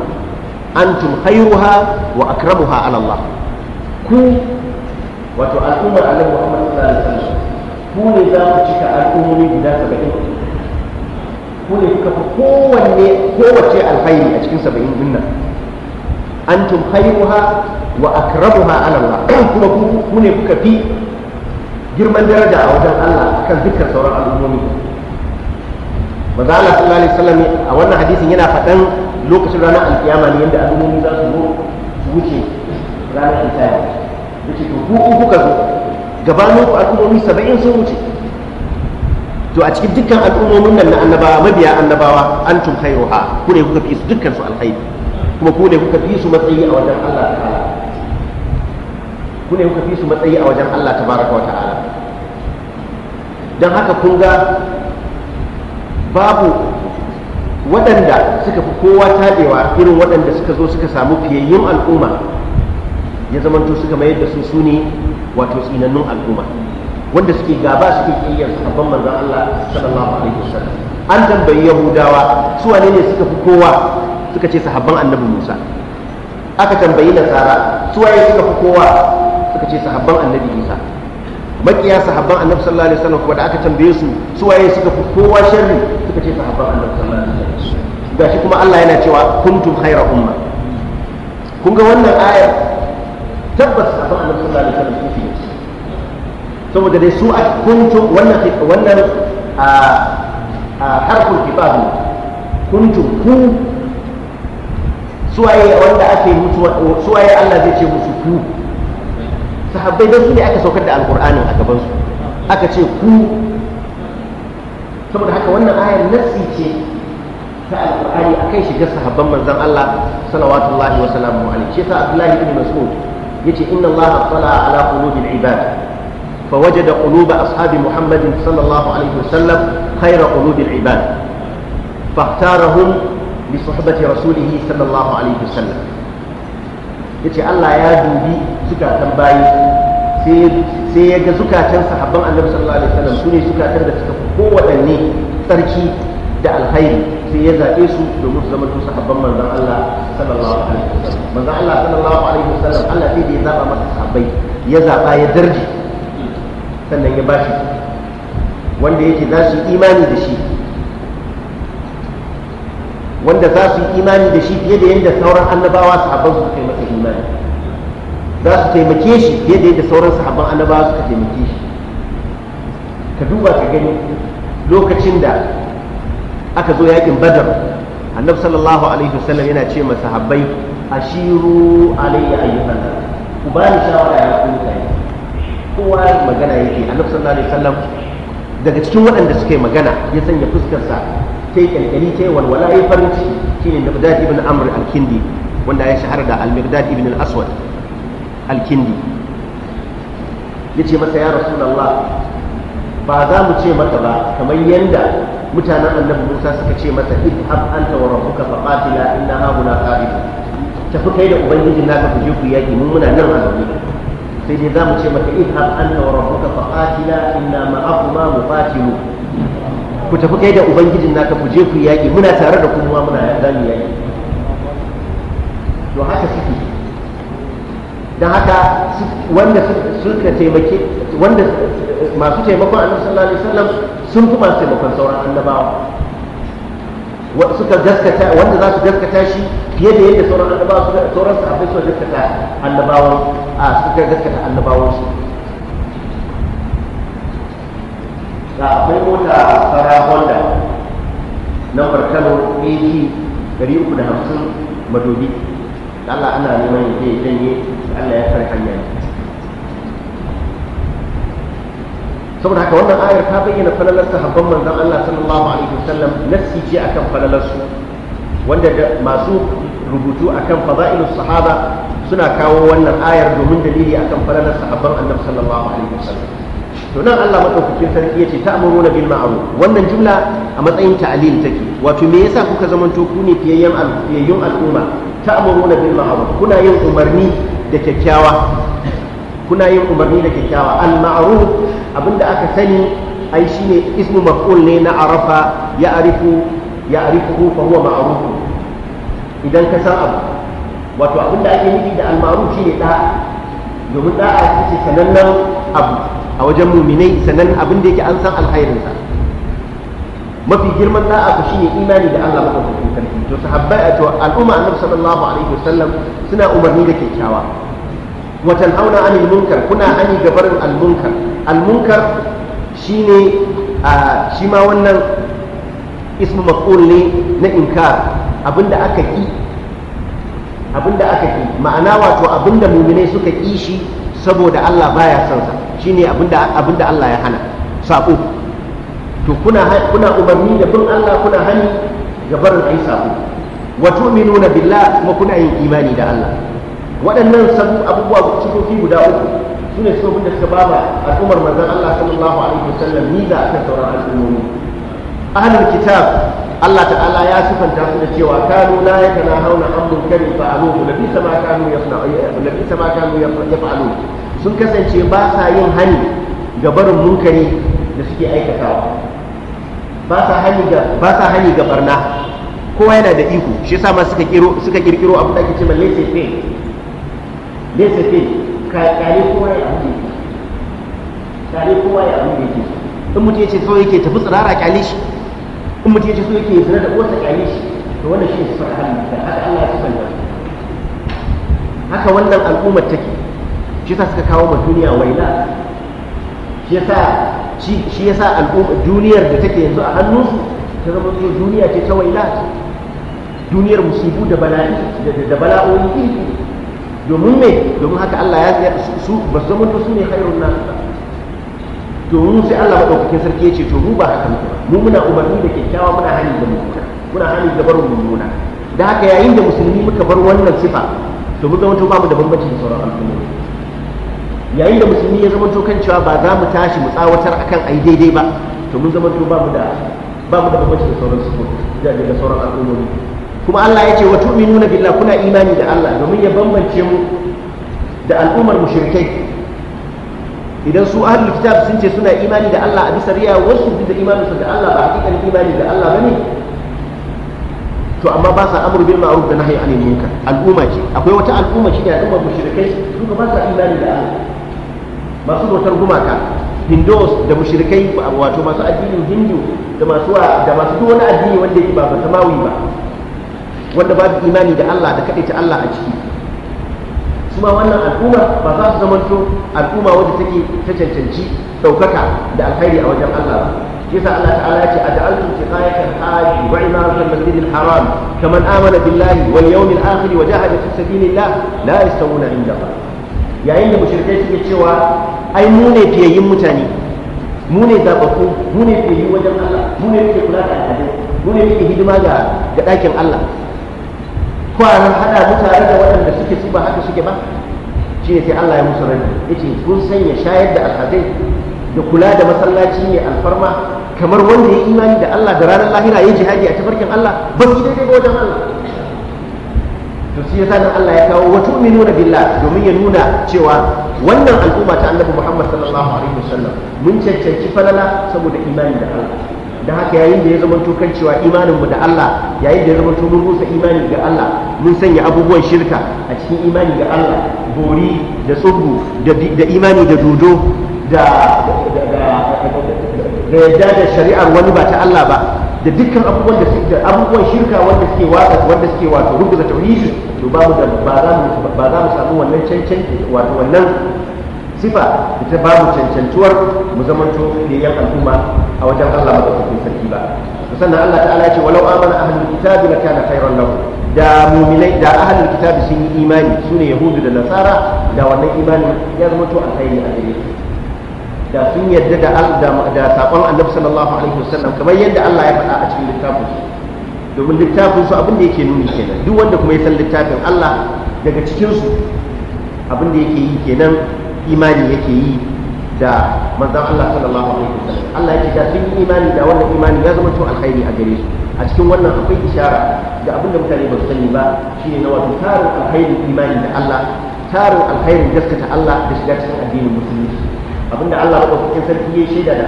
antum khairuha wa akramuha ala Allah ku wato al'ummar annabi Muhammad sallallahu alaihi wasallam ku ne za ku cika al'ummomi guda 70 ku ne kuka fi kowanne kowace alkhairi a cikin 70 din nan antum khairuha wa akramuha ala Allah kuma ku ne kuka fi girman daraja a wajen Allah kan dukkan sauran al'ummomi manzo Allah sallallahu alaihi wasallam a wannan hadisin yana faɗan lokacin ranar alkiyama ne yadda al'ummomi za su zo su wuce ranar hisabi yace to ku kuka zo gabanin ku al'ummomi saba'in sun wuce to a cikin dukkan al'ummomin nan na annabawa mabiya annabawa an tun khairuha ku ne kuka fi su dukkan su alkhairi kuma ku ne kuka fi su matsayi a wajen Allah ta'ala ku ne kuka fi su matsayi a wajen Allah tabaraka wa ta'ala dan haka kun ga babu waɗanda suka fi kowa taɗewa irin waɗanda suka zo suka samu fiyayyun al'umma ya zamanto suka mayar da su su ne wato tsinannun al'umma wanda suke gaba suke kiyayyar sahabban manzan Allah sallallahu alaihi wasallam an tambayi yahudawa su wane ne suka fi kowa suka ce sahabban annabi Musa aka tambayi nasara su waye suka fi kowa suka ce sahabban annabi Isa makiya sahabban annabi sallallahu alaihi wasallam kuma da aka tambaye su su waye suka fi kowa sharri suka ce sahabban annabi sallallahu alaihi wasallam gashi kuma Allah yana cewa kuntum khaira umma kun ga wannan ayar tabbas a ban annabi sallallahu alaihi wasallam sufi saboda dai su a kuntum wannan wannan a harful kitab kuntum ku suwaye wanda ake mutuwa suwaye Allah zai ce musu ku sahabbai dan su ne aka saukar da alqur'anin a gaban su aka ce ku saboda haka wannan ayar nasi ce ta alƙur'ani akan shiga sahabban manzon Allah salawatullahi wa salamu alaihi shi yasa Abdullahi ibn Mas'ud yace inna Allah tala ala qulubil ibad fa wajada qulub ashabi Muhammadin sallallahu alaihi wa wasallam khayra qulubil ibad fahtarahum bi suhbati rasulihi sallallahu alaihi wa wasallam yace Allah ya dubi zukatan bayi sai ya ga zukatan sahabban Annabi sallallahu alaihi wasallam sune zukatan da suka kowaɗanne tsarki da alkhairi sai ya zaɓe su domin su zama su sahabban manzon Allah sallallahu alaihi wasallam manzon Allah sallallahu alaihi wasallam Allah sai da ya zaba masa sahabbai ya zaɓa ya darje sannan ya bashi wanda yake za su imani da shi wanda za su yi imani da shi fiye da yadda sauran annabawa sahabban su kai masa imani za su taimake shi fiye da yadda sauran sahabban annabawa suka taimake shi ka duba ka gani lokacin da aka zo yakin badar annabi sallallahu alaihi wasallam yana ce masa Habbai, ashiru alayya ayyuhan ku ba ni shawara ya ku mutane kowa magana yake annabi sallallahu alaihi wasallam daga cikin waɗanda suka yi magana ya sanya fuskarsa ta yi kyalkyali ta yi walwala ya farin ciki shine Miqdad ibn Amr al-Kindi wanda ya shahara da al-Miqdad ibn al-Aswad al-Kindi yace masa ya Rasulullah ba za mu ce maka ba kamar yanda mutanen annabi Musa suka ce masa idhab anta wa rabbuka faqatila inna hauna qa'idun tafi kai da ubangijin naka ku je ku yaki mun muna nan a zaune sai dai zamu ce maka idhab anta wa rabbuka faqatila inna ma'akuma muqatilu ku tafi kai da ubangijin naka ku je ku yaki muna tare da kuma muna mu yaki to haka suke dan haka wanda suka taimake wanda masu taimakon annabi sallallahu alaihi wasallam sun fi masu taimakon sauran annabawa suka gaskata wanda za su gaskata shi fiye da yadda sauran annabawa suka sauran abin suka gaskata annabawan a suka gaskata annabawan su ga akwai mota fara honda lambar kano ag 350 madobi da Allah ana neman ya je janye Allah ya farka hanya saboda haka wannan ayar ta bayyana falalarsa habban manzon Allah sallallahu alaihi wasallam nassi ce akan falalarsu. su wanda masu rubutu akan fada'ilus sahaba suna kawo wannan ayar domin dalili akan falalar sahabban annabi sallallahu alaihi wasallam to nan Allah madaukakin sarki yace ta'muruna bil ma'ruf wannan jumla a matsayin ta'lil take wato me yasa kuka zamanto ku ne fiyayyen fiyayyun al'umma ta'muruna bil ma'ruf kuna yin umarni da kyakkyawa kuna yin umarni da kyakkyawa al ma'ruf abinda aka sani ai shine ismu maf'ul ne na arafa ya arifu ya arifu fa huwa ma'ruf idan ka san abu wato abinda ake nufi da al-ma'ruf shine da domin da'a ita ce sanannen abu a wajen muminai sanan abin da yake an san alkhairin sa mafi girman da'a ku shine imani da Allah madaukakin sarki to sahabbai to al'umma annabi sallallahu alaihi wasallam suna umarni da kyakkyawa wa tanhauna anil munkar kuna ani ga barin al munkar al munkar shine shi ma wannan ismu maf'ul ne na inkar abinda aka ki abinda aka ki ma'ana wato abinda mu'mine suka ki shi saboda Allah baya son sa shine abinda abinda Allah ya hana sabo to kuna kuna umarni da bin Allah kuna hani ga barin ai sabo wa tu'minuna billah kuma kuna yin imani da Allah waɗannan sabu abubuwa sifofi guda uku su ne sifofin da suka baba al'ummar mazan Allah sallallahu alaihi wasallam ni da akan sauran al'ummomi ahlul kitab Allah ta'ala ya sifanta su da cewa kanu la yatanahawna an munkarin fa'aluhu labi sama kanu yasna'u labi kano kanu yaf'alu sun kasance ba sa yin hani ga barin munkari da suke aikatawa ba sa hani ga ba sa hani ga barna kowa yana da iko shi yasa ma suka kiro suka kirkiro abin da ake cewa laissez-faire zai sake kare kowa ya abin kare kowa ya abin da yake in mutum ya ce so yake tafi tsirara kyale shi in mutum ya ce so yake zira da uwarsa kyale shi to wannan shi ne sifar hannu, da haka Allah ya sifar haka wannan al'ummar take shi yasa suka kawo ma duniya waila shi yasa shi yasa al'umma duniyar da take yanzu a hannunsu ta zama duniya ce ta waila duniyar musibu da bala'i da bala'o'i iri domin me domin haka Allah ya tsaya su ba su zamanto su ne khairun nas domin sai Allah maɗaukakin sarki ya ce to mu ba haka muke mu muna umarni da kyakkyawa muna hali da mummuna muna hali da barin mummuna da haka yayin da musulmi muka bar wannan sifa to mu zamanto babu da bambancin sauran al'umma yayin da musulmi ya zamanto kan cewa ba za mu tashi mu tsawatar akan ai daidai ba to mun zamanto babu da babu da bambancin sauran sifofi da sauran al'ummomi kuma Allah ya ce wa tu'minuna billah kuna imani da Allah domin ya bambance mu da al'ummar mushrikai idan su ahlul kitab sun ce suna imani da Allah a bisa riya wasu da imaninsu da Allah ba hakikan imani da Allah bane to amma ba sa amru bil ma'ruf da nahyi anil munkar al'umma ce akwai wata al'umma ce da al'ummar mushrikai duka ba sa imani da Allah masu bautar gumaka hindus da mushrikai wato masu addinin hindu da masu da masu duk wani addini wanda yake ba ba samawi ba wanda babu imani da Allah da kaɗai ta Allah a ciki su ma wannan al'umma ba za su zamanto al'umma wadda take ta cancanci ɗaukaka da alkhairi a wajen Allah ba yasa Allah ta'ala ya ce a ja'altum tiqayatan haji wa imaratul masjidil haram kaman amana billahi wal yawmil akhir wa jahada fi sabilillah la yastawuna inda Allah yayin da mushrikai suke cewa ai mu ne fiyayyin mutane mu ne zababbu mu ne fiyayyin wajen Allah mu ne fiye kula da al'adu mu ne fiye hidima ga ɗakin Allah kwanan hada mutane da waɗanda suke su ba haka suke ba shi ne sai Allah ya musu rai yace kun sanya shayar da alhazai da kula da masallaci ne alfarma kamar wanda ya imani da Allah da ranar lahira ya jihadi a tafarkin Allah ba su daidai ba wajen Allah to shi yasa nan Allah ya kawo wa tu'minuna billah domin ya nuna cewa wannan al'umma ta Annabi Muhammad sallallahu alaihi wasallam mun cancanci falala saboda imani da Allah da haka yayin da ya zama kan cewa imaninmu da Allah yayin da ya zama mun rusa imani ga Allah mun sanya abubuwan shirka a cikin imani ga Allah bori da tsubu da imani da dodo da yadda da shari'ar wani ba ta Allah ba da dukkan abubuwan da abubuwan shirka wanda suke wata wanda suke wato rubuta tauhidi to babu da ba za mu ba za mu samu wannan cancanci wato wannan sifa ita babu cancantuwar mu zamanto fiyayyen al'umma a wajen Allah madaukakin sarki ba sannan Allah ta'ala ya ce walau amana ahlul kitabi lakana khairan lahu da mu'minai da ahlul kitabi sun yi imani sune yahudu da nasara da wannan imanin ya zamanto alkhairi a gare da sun yarda da da sakon annabi sallallahu alaihi wasallam kamar yadda Allah ya faɗa a cikin littafin domin littafin su abin da yake nuni kenan duk wanda kuma ya san littafin Allah daga cikin su abin da yake yi kenan imani yake yi da manzan Allah sallallahu alaihi wasallam Allah yake da sun yi imani da wannan imani ya zama to alkhairi a gare su a cikin wannan akwai ishara da abin da mutane ba su sani ba shine na wato tarin alkhairin imani da Allah tarin alkhairin gaskata Allah da shiga cikin addinin musulunci abinda Allah ba cikin sarki ya shaida da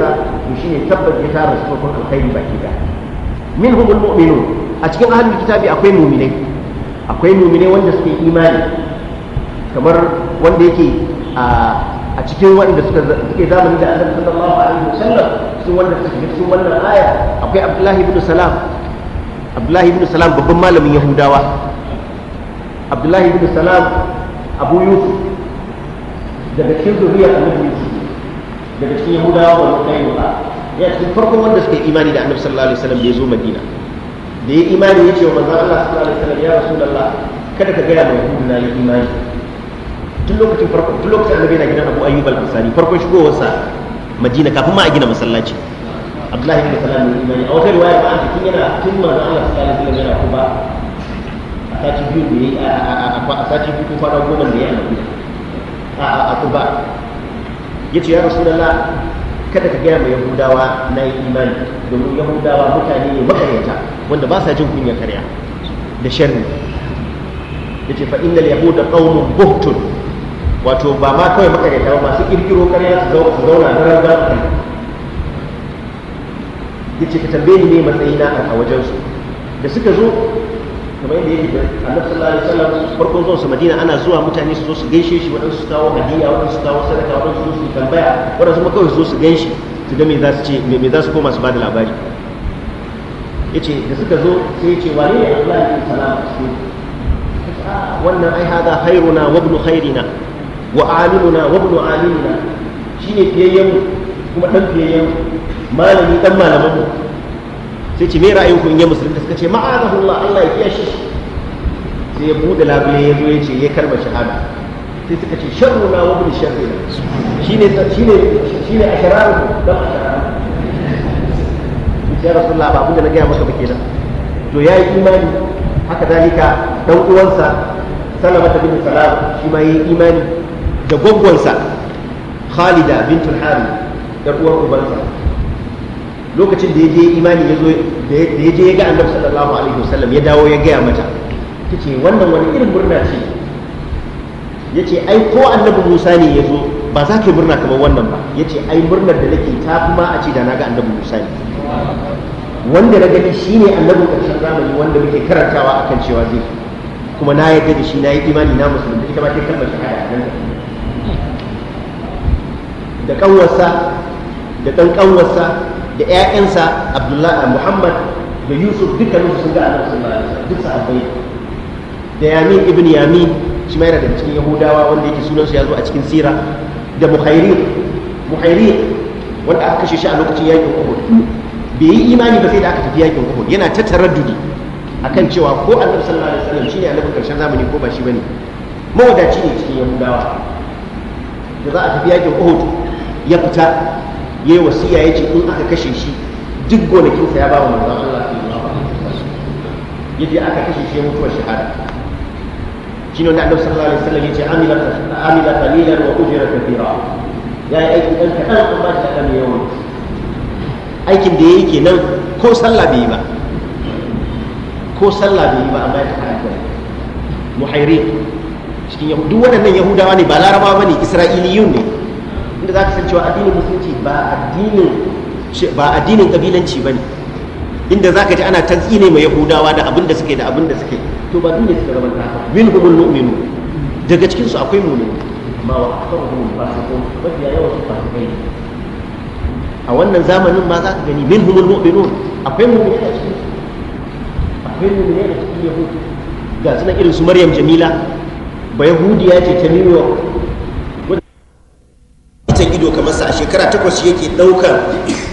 sa to shine tabbas ya tara sufafin alkhairi baki da minhumul mu'minun a cikin ahlul kitabi akwai mu'minai akwai mu'minai wanda suke imani kamar wanda yake a cikin wanda suka suke zamani da annabi sallallahu alaihi wasallam sun wanda suka sun cikin wannan aya akwai abdullahi ibn salam abdullahi ibn salam babban malamin yahudawa abdullahi ibn salam abu yusuf daga cikin a annabi yusuf daga cikin yahudawa wa mutane ba ya cikin farkon wanda suka yi imani da annabi sallallahu alaihi wasallam da ya zo madina da ya imani ya ce wa manzon Allah sallallahu alaihi wasallam ya rasulullah kada ka gaya mai hudu na yi imani tun lokacin farko tun lokacin annabi yana gidan Abu Ayyub al-Ansari farkon shigowarsa Madina kafin ma a gina masallaci Abdullahi bin Salam ne imani a wata riwaya ba tun yana tun manzo Allah sallallahu alaihi wasallam yana kuma a sati biyu da yayi a a sati biyu ko fara goma da yayi a a a Kuba yace ya Rasulullah kada ka gaya ma Yahudawa na yi imani domin Yahudawa mutane ne makaryata wanda ba sa jin kunyar karya da sharri yace fa innal yahuda qaumun buhtun wato ba ma kawai makareta ba masu kirkiro karya su zauna na ranar da ya ce ka tambaye ne matsayina a wajensu da suka zo kamar yadda yake da annabi sallallahu alaihi wasallam farkon zuwan su madina ana zuwa mutane su zo su gaishe shi waɗansu su kawo hadiya waɗansu su kawo sadaka waɗansu su zo su tambaya waɗansu ma kawai su zo su gaishe su ga me za su ce me za su koma su bada labari yace da suka zo sai yace wane ne Allah ya salama su ah, wannan ai hada khairuna wa ibn khairina wa alimuna wa ibn alimuna shine fiyayyen mu kuma dan fiyayyen malami dan malaman mu sai ce me ra'ayin ku in ya musulunta suka ce ma'azahullah Allah ya kiyashe shi sai ya bude labule ya zo ya ce ya karba shahada sai suka ce sharruna wa ibn sharrina shine shine shine ashararu da ashararu ya rasulullah ba abinda na gaya maka ba kenan to yayi imani haka zalika dan uwansa sallama ta bin salam shi ma yayi imani da gwaggonsa, khalida bintul hari yar uwar ubansa lokacin da ya je imani ya zo da ya je ya ga annabi sallallahu alaihi wasallam ya dawo ya gaya mata ce wannan wani irin murna ce yace ai ko annabi Musa ne ya zo ba za ka yi murna kamar wannan ba Ya ce ai murnar da nake ta fi ma a ce da na ga annabi Musa ne wanda na gani shi ne Annabi ƙarshen zamani wanda muke karantawa akan cewa zai kuma na yadda da shi na yi imani na musulmi ita ma ta kalmar shahada nan da ƙanwarsa da ɗan ƙanwarsa da ƴaƴansa abdullahi muhammad da yusuf dukkanin sun ga a sallallahu alaihi wasallam duk sahabbai da yamin ibn yamin shi ma yana daga cikin yahudawa wanda yake sunansa ya zo a cikin sira da muhairi muhairi wanda aka kashe shi a lokacin yakin uhud bai yi imani ba sai da aka tafi yakin uhud yana ta taraddudi akan cewa ko annabi sallallahu alaihi wasallam shine annabi karshen zamani ko ba shi bane mawadaci ne cikin yahudawa da za a tafi yakin uhud ya fita ya yi wasiya ya ce in aka kashe shi duk gonakinsa ya ba wa manzon Allah sallallahu alaihi wasallam yaje aka kashe shi ya mutuwar shahada shine wanda Annabi sallallahu alaihi wasallam yace amila amila qalilan wa ujira kathira ya yi aiki dan kadan an ba shi kadan yawan aikin da ya yayi kenan ko sallah bai yi ba ko sallah bai yi ba amma ya tafi muhairin cikin duk waɗannan yahudawa ne ba larabawa bane isra'iliyun ne inda za ka san cewa addinin musulunci ba addinin ba addinin kabilanci inda za ka ji ana tantsi mai yahudawa da abin da suke da abin da suke to ba duniya suka rabanta ba. min humul mu'minu daga cikin su akwai mu'minu ma wa ko ba ya yawa su kai a wannan zamanin ma za ka gani min humul mu'minun akwai mu'minu a cikin akwai mu'minu a cikin yahudu ga suna irin su maryam jamila ba yahudiya ce ta new york likitan ido kamar sa a shekara takwas shi yake ɗaukar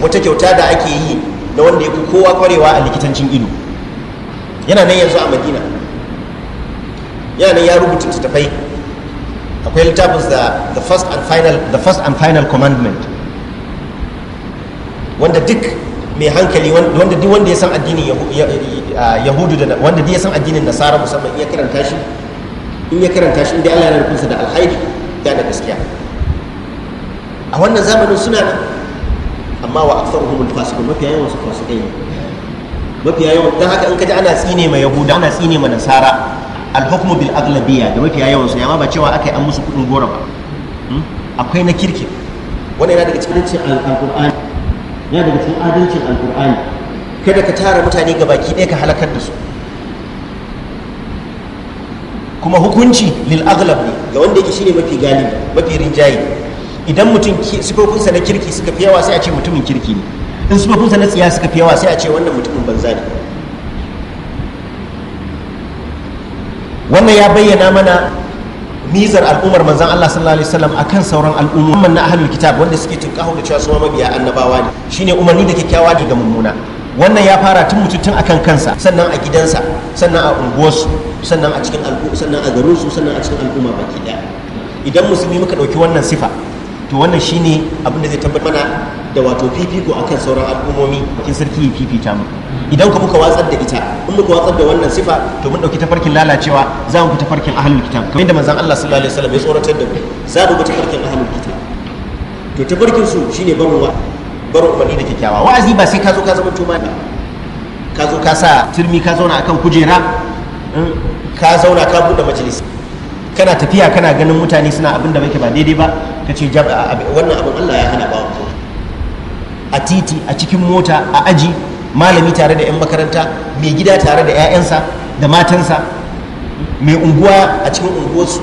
wata kyauta da ake yi na wanda ya fi kowa kwarewa a likitancin ido yana nan yanzu a madina yana nan ya rubuta littattafai akwai littafin da the first and final the first and final commandment wanda duk mai hankali wanda duk wanda ya san addinin yahudu da wanda duk ya san addinin nasara musamman iya karanta shi in ya karanta shi inda Allah ya rubuta da alhairi da gaskiya a wannan zamanin suna nan amma wa aktsaruhum alfasiqun mafiya yawan su fasikai ne mafiya yawan don haka in kaji ana tsine ma yahuda ana tsine ma nasara alhukmu bil aghlabiyya da mafiya yawan su amma ba cewa akai an musu kudin goro ba hmm? akwai na kirkin wani yana daga cikin alqur'ani yana daga cikin adalcin alqur'ani kada ka tara mutane ga baki ɗaya ka halakar da su kuma hukunci lil aglab ne ga wanda yake shine mafi galibi mafi rinjaye idan mutum sifofinsa na kirki suka fi yawa sai a ce mutumin kirki ne in sifofinsa na tsiya suka fi yawa sai a ce wannan mutumin banza ne wannan ya bayyana mana mizar al'ummar manzan Allah sallallahu alaihi wasallam akan sauran al'ummar na ahlul kitab wanda suke tunkaho da cewa su mabiya annabawa ne shine umarni da kyakkyawa ne ga mummuna wannan ya fara tun mutum akan kansa sannan a gidansa sannan a unguwarsu sannan a cikin al'umma sannan a garinsu sannan a cikin al'umma baki daya idan musulmi muka ɗauki wannan sifa to wannan shine abin da zai tabbatar mana da wato fifiko akan sauran al'ummomi kin sarki ya fifita mu idan ka muka watsar da ita in muka watsar da wannan sifa to mun dauki tafarkin lalacewa za mu bi tafarkin ahlul kitab kamar yadda manzon Allah sallallahu alaihi wasallam ya tsoratar da mu za mu bi tafarkin ahlul kitab to tafarkin su shine barin wa barin da da kyakkyawa wa'azi ba sai ka zo ka zama tuma ne ka zo ka sa turmi ka zauna akan kujera hmm, ka zauna ka bude majalisi kana tafiya kana ganin mutane suna abin da baki ba daidai ba ka ce wannan abin Allah ya hana bawa a titi a cikin mota a aji malami tare da 'yan makaranta mai gida tare da 'ya'yansa da matansa mai unguwa a cikin unguwarsu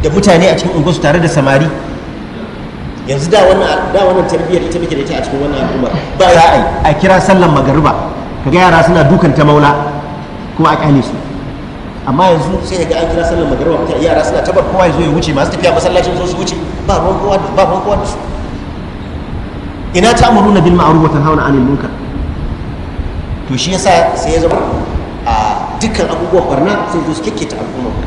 da mutane a cikin unguwarsu tare da samari yanzu da wannan da wannan tarbiyyar ita muke da ita a cikin wannan al'umma ba ya ai a kira sallan magariba kaga yara suna dukan ta maula kuma a kyale su amma yanzu sai ga an kira sallar magariba mutane yara suna tabar kowa ya zo ya wuce masu tafiya masallacin zo su wuce ba ruwan kowa da ba ruwan kowa da su ina ta amuru na bilma ma'ruf wa hauna 'anil munka to shi yasa sai ya zama a dukkan abubuwan barna sai zo su kekketa al'ummar mu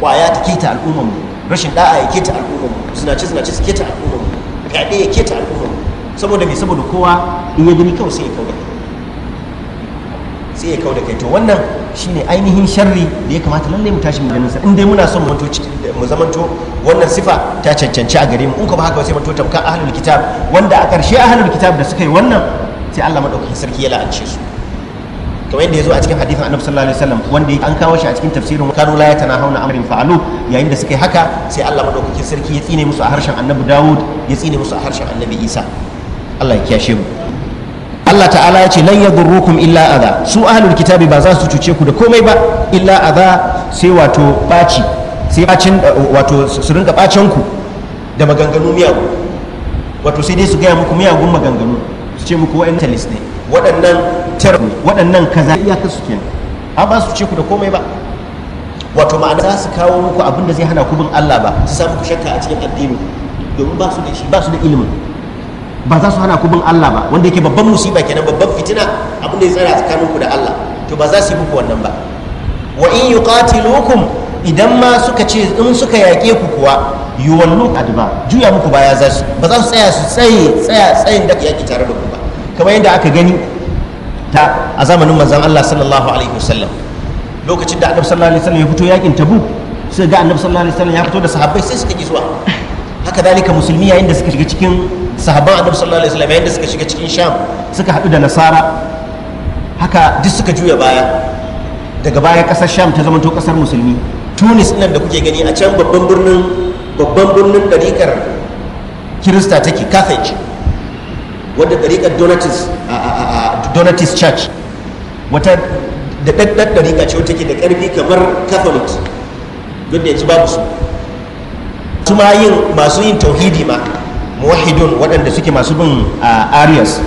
kwaya ta keta al'ummar mu rashin da'a ya keta al'ummar mu zinace zinace su keta al'ummar mu fyaɗe ya keta al'ummar mu saboda me saboda kowa in ya gani kawai sai ya kawai sai ya kawo da kai to wannan shine ainihin sharri da ya kamata lallai mu tashi mu ganin sa in muna son mu mu zamanto wannan sifa ta cancanci a gare mu in ko ba haka sai mu to tamkan ahlul kitab wanda a ƙarshe ahlul kitab da suka yi wannan sai Allah madaukakin sarki ya la'ance su kamar yadda ya zo a cikin hadisin annabi sallallahu alaihi wasallam wanda an kawo shi a cikin tafsirin kanu la hauna amrin fa'alu yayin da suka yi haka sai Allah madaukakin sarki ya tsine musu a harshen annabi Dawud ya tsine musu a harshen annabi Isa Allah ya kiyashe mu Allah ta'ala ya ce lan yadurrukum illa adha su ahlul kitabi ba za su cuce ku da komai ba illa adha sai wato baci sai bacin uh, wato su rinka bacin ku da maganganu miyagu wato sai dai su gaya muku miyagun maganganu su ce muku wa'in talis ne waɗannan tar waɗannan kaza iyaka su kenan ba su cuce ku da komai ba wato ma'ana za su kawo muku abin da zai hana ku bin Allah ba su sa muku shakka a cikin addini domin ba su da shi ba su da ilimin ba za su hana ku bin Allah ba wanda yake babban musiba kenan babban fitina abin da ya tsara tsakanin ku da Allah to ba za su yi muku wannan ba wa in yuqatilukum idan ma suka ce in suka yaƙe ku kuwa yuwallu adba juya muku baya za su ba za su tsaya su tsaye tsaya tsayin da yaƙi tare da ku ba kamar yadda aka gani ta a zamanin manzon Allah sallallahu alaihi wasallam lokacin da annabi sallallahu alaihi wasallam ya fito yaƙin tabuk sai ga annabi sallallahu alaihi wasallam ya fito da sahabbai sai suka ji zuwa haka dalika musulmi yayin da suka shiga cikin sahabban annabi sallallahu alaihi wasallam yayin da suka shiga cikin sham suka haɗu da nasara haka duk suka juya baya daga baya ƙasar sham ta zama to ƙasar musulmi tunis nan da kuke gani a can babban birnin babban birnin ɗariƙar kirista take carthage wadda ɗariƙar donatis donatis church wata da ɗaɗɗar ɗariƙa ce wata ke da ƙarfi kamar catholic duk da ci babu su su ma yin masu yin tauhidi ma muwahidun waɗanda suke masu bin a arias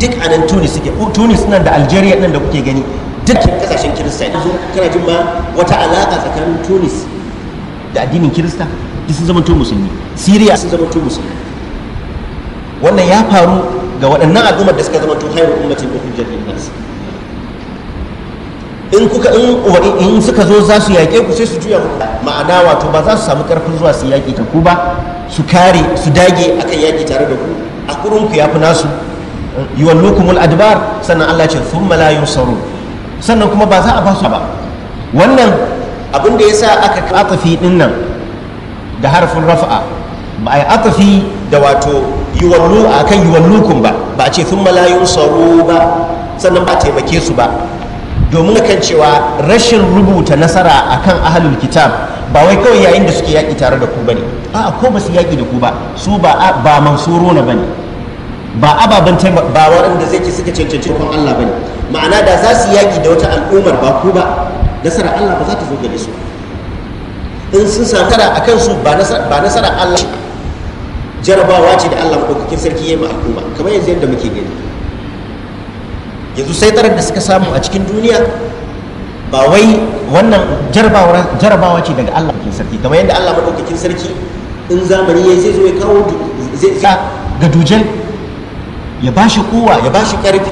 duk a nan tunis suke tunis nan da algeria nan da kuke gani dukkan kasashen kirista ya zo kana jin ma wata alaƙa tsakanin tunis da addinin kirista duk sun zama musulmi syria sun zama musulmi wannan ya faru ga waɗannan al'ummar da suka zama to hayar ummatin da hujjar nas in kuka in suka zo za su yaƙe ku sai su juya muku ma'ana wato ba za su samu ƙarfin zuwa su yaƙe ta ku ba su kare su dage akan yaƙi tare da ku a kurun ku yafi nasu yuwallukumul adbar sannan Allah ce thumma la yusaru sannan kuma ba za a ba su ba wannan abin da yasa aka atafi din nan da harfin rafa'a ba ai atafi da wato yuwallu akan yuwallukum ba ba a ce thumma la yusaru ba sannan ba taimake su ba domin kan cewa rashin rubuta nasara a kan ahalul kitab ba wai kawai yayin da suke yaƙi tare da ku ba ne. a ko ba su yaƙi da ku ba su ba a ba mansuro na ne ba ababen ba waɗanda zai ke suka cancanci kan Allah ba ne. ma'ana da za su yaƙi da wata al'ummar ba ku ba nasara Allah ba za ta zo gare su in sun samu tara a kansu ba nasara Allah jarabawa ce da Allah maɗaukakin sarki ya yi ma al'umma kamar yanzu yadda muke gani yanzu sai tarar da suka samu a cikin duniya ba wai wannan jarabawa ce daga Allah ke sarki kamar yadda Allah maɗaukakin sarki in zamani ya zai zo ya kawo zai sa ga dujal ya ba shi kowa ya ba shi ƙarfi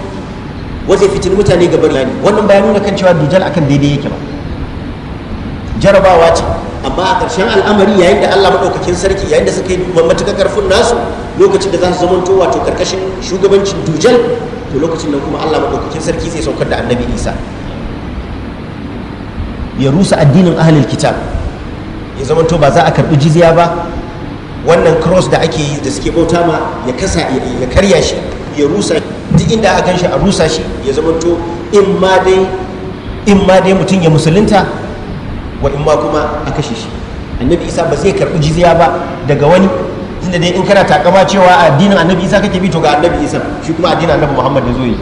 wajen fitin mutane ga bari. wannan bayan nuna kan cewa dujal akan daidai yake ba jarabawa ce amma a ƙarshen al'amari yayin da Allah maɗaukakin sarki yayin da suka yi matuƙa ƙarfin nasu lokacin da za su zamanto wato ƙarƙashin shugabancin dujal to lokacin da kuma Allah maɗaukakin sarki zai saukar da annabi Isa ya rusa addinin ahalil kitab ya zamanto ba za a karɓi jiziya ba wannan cross da ake yi da suke bauta ma ya kasa ya karya shi ya rusa duk inda aka gan shi a rusa shi ya zamanto in ma dai in ma dai mutum ya musulunta wa in ma kuma a kashe shi annabi isa ba zai karɓi jizya ba daga wani inda dai in kana takama cewa addinin annabi isa kake bi to ga annabi isa shi kuma addinin annabi muhammad da zoyi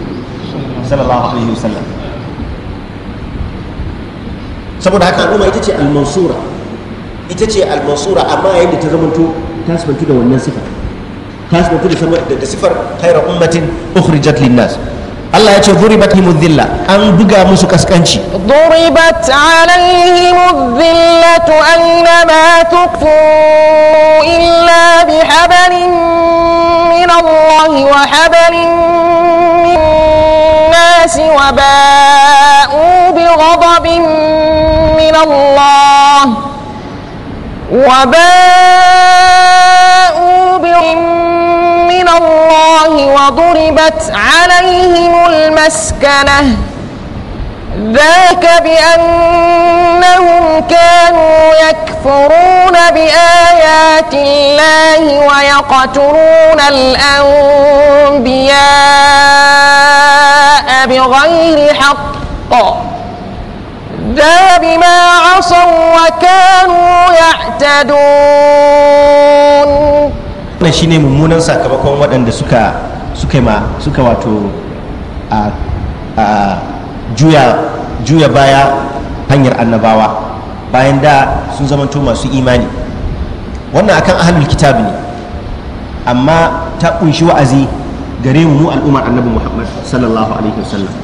sallallahu alaihi wasallam saboda haka al'umma ita ce al-mansura ita ce al-mansura amma yayin ta zamanto ta sifantu da wannan sifa ta sifantu da sifar khairu ummatin ukhrijat lin-nas الله يأتي ضربت هم الذلة أن بقى موسو كسكنشي ضربت عليهم الذلة أينما تكفوا إلا بحبل من الله وحبل من الناس وباءوا بغضب من الله وباءوا برم من الله وضربت عليهم المسكنة ذاك بأنهم كانوا يكفرون بآيات الله ويقتلون الأنبياء بغير حق الأحزاب بما عصوا وكانوا يعتدون wannan shine mummunan sakamakon waɗanda suka suka ma suka wato a juya juya baya hanyar annabawa bayan da sun zamanto masu imani wannan akan ahlul kitab ne amma ta kunshi wa'azi gare mu mu al'ummar annabi Muhammad sallallahu alaihi wasallam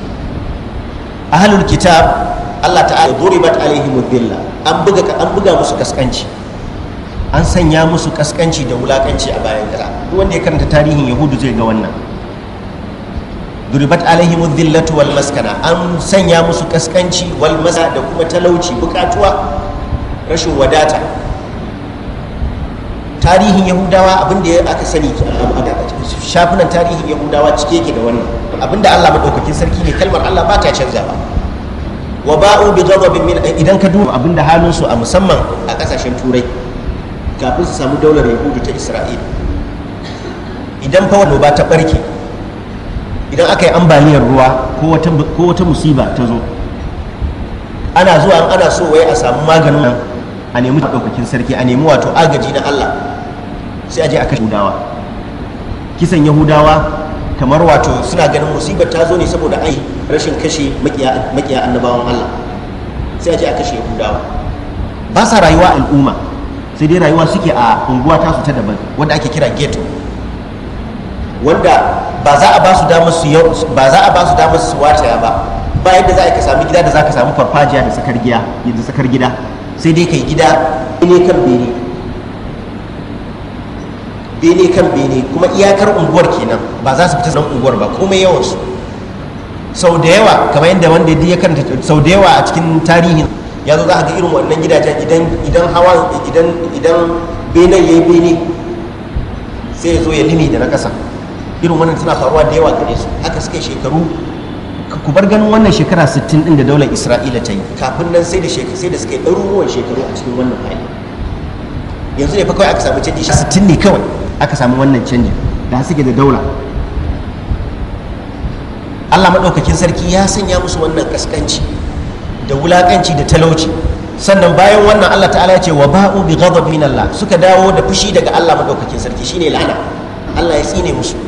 ahlul kitab Allah ta'ala duribat alaihim billa an buga an buga musu kaskanci an sanya musu kaskanci da wulakanci a bayan kasa duk wanda ya karanta tarihin yahudu zai ga wannan duribat alaihim dhillatu wal maskana an sanya musu kaskanci wal masa da kuma talauci bukatuwa rashin wadata tarihin yahudawa abinda aka sani shafinan tarihin yahudawa cike yake da wannan abinda Allah madaukakin sarki ne kalmar Allah ba ta canzawa wa ba'u bi ghadabin min idan ka duba abinda halin su a musamman a kasashen turai kafin su samu daular yahudu ta isra'ila idan fa wani ba ta barke idan aka yi ambaliyar ruwa ko wata musiba ta zo ana zuwa ana so wai a samu maganin nan a nemi ɗaukakin sarki a nemi wato agaji na allah sai a je a kashe yahudawa kisan yahudawa kamar wato suna ganin musibar ta zo ne saboda ai rashin kashe makiya annabawan Allah sai a je a kashe yahudawa ba sa rayuwa al'umma sai dai rayuwa suke a unguwa su ta daban wanda ake kira ghetto wanda ba za a ba su damar su ba za a ba su damar su wataya ba ba yadda za ka sami gida da za ka samu farfajiya da sakar gida yanzu sakar gida sai dai kai gida ne kan bene bene kan bene kuma iyakar unguwar kenan ba za su fita nan unguwar ba komai yawan su sau da yawa kamar yadda wanda ya karanta sau da yawa a cikin tarihin ya zo za a ga irin wannan gidajen idan idan hawa idan idan ya yi bene sai ya zo ya limi da na kasa. irin wannan suna faruwa da yawa gare su haka suka shekaru ku bar ganin wannan shekara 60 din da daular isra'ila ta yi kafin nan sai da shekaru sai da suka yi ɗaruruwan shekaru a cikin wannan hali yanzu ne fa kawai aka samu canji 60 ne kawai aka samu wannan canjin da suke da daula Allah maɗaukakin sarki ya sanya musu wannan kaskanci da wulaƙanci da talauci sannan bayan wannan Allah ta'ala ya ce wa ba'u bi ghadabin Allah suka dawo da fushi daga Allah maɗaukakin sarki shine la'ana Allah ya tsine musu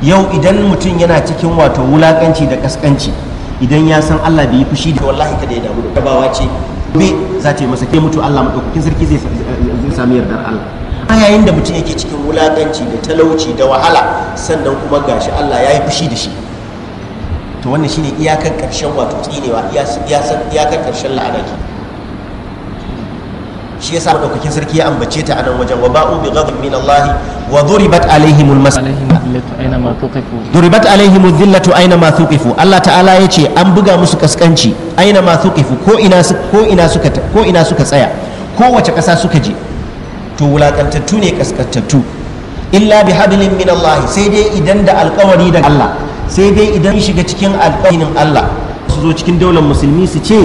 yau idan mutum yana cikin wato wulaƙanci da kaskanci idan ya san Allah bai yi fushi da wallahi kada ya damu da bawa ce bai za ta masa ke mutu Allah maɗaukakin sarki zai sami yardar Allah yayin da mutum yake cikin wulakanci da talauci da wahala sannan kuma gashi Allah ya yi fushi da shi to wannan shine iyakar ƙarshen wato tsinewa iyakar ƙarshen la'ana ke shi yasa ɗaukakin sarki ya ambace ta a nan wajen wa ba'u bi ghadab min Allah wa duribat alaihim al duribat alaihim dhillatu aina ma thuqifu Allah ta'ala yace an buga musu kaskanci aina ma thuqifu ko ina ko ina suka ko ina suka tsaya kowace ƙasa suka je to wulakantattu ne kaskantattu illa bi hablin min Allah sai dai idan da alƙawari da Allah sai dai idan shiga cikin alkawarin Allah su zo cikin daular musulmi su ce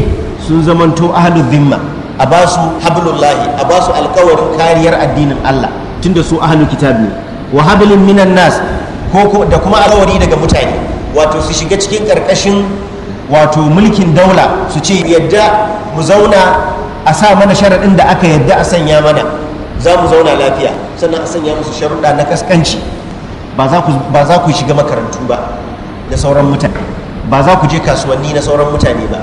sun zamanto ahlu zimma a ba su hablullahi a ba su alkawarin kariyar addinin Allah tunda su ahlu kitab ne wa hablin minan nas ko da kuma alƙawari daga mutane wato su shiga cikin ƙarƙashin wato mulkin daula su ce yadda mu zauna a sa mana sharaɗin da aka yadda a sanya mana za mu zauna lafiya sannan a sanya musu sharuɗa na kaskanci ba za ku shiga makarantu ba da sauran mutane ba za ku je kasuwanni na sauran mutane ba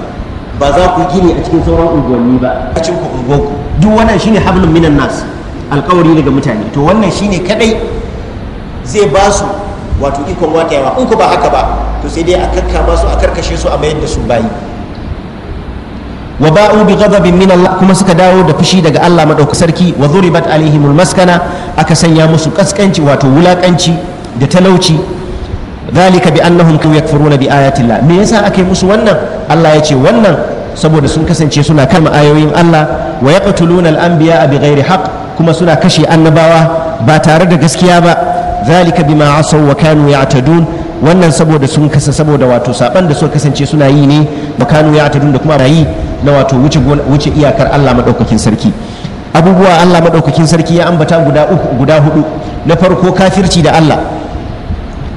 ba za ku gini a cikin sauran unguwanni ba a cikin unguwanku duk wannan shine hablun minan nas alkawari daga mutane to wannan shine kadai zai ba su wato ikon wata yawa in ku ba haka ba to sai dai a su a karkashe su a mayar da su bayi wa ba'u bi ghadabin min Allah kuma suka dawo da fushi daga Allah madaukakin sarki wa zuribat alaihimul maskana aka sanya musu kaskanci wato wulakanci da talauci zalika bi annahum kanu yakfuruna bi ayati me yasa aka musu wannan Allah ya ce wannan saboda sun kasance suna kalma ayoyin Allah wa yaqtuluna al-anbiya bi ghairi haqq kuma suna kashe annabawa ba tare da gaskiya ba zalika bima asaw wa kanu ya'tadun wannan saboda sun kasa saboda wato saban da suka kasance suna yi ne wa kanu ya'tadun da kuma yi na wato wuce iyakar Allah maɗaukakin sarki abubuwa Allah maɗaukakin sarki ya ambata guda uku guda hudu na farko kafirci da Allah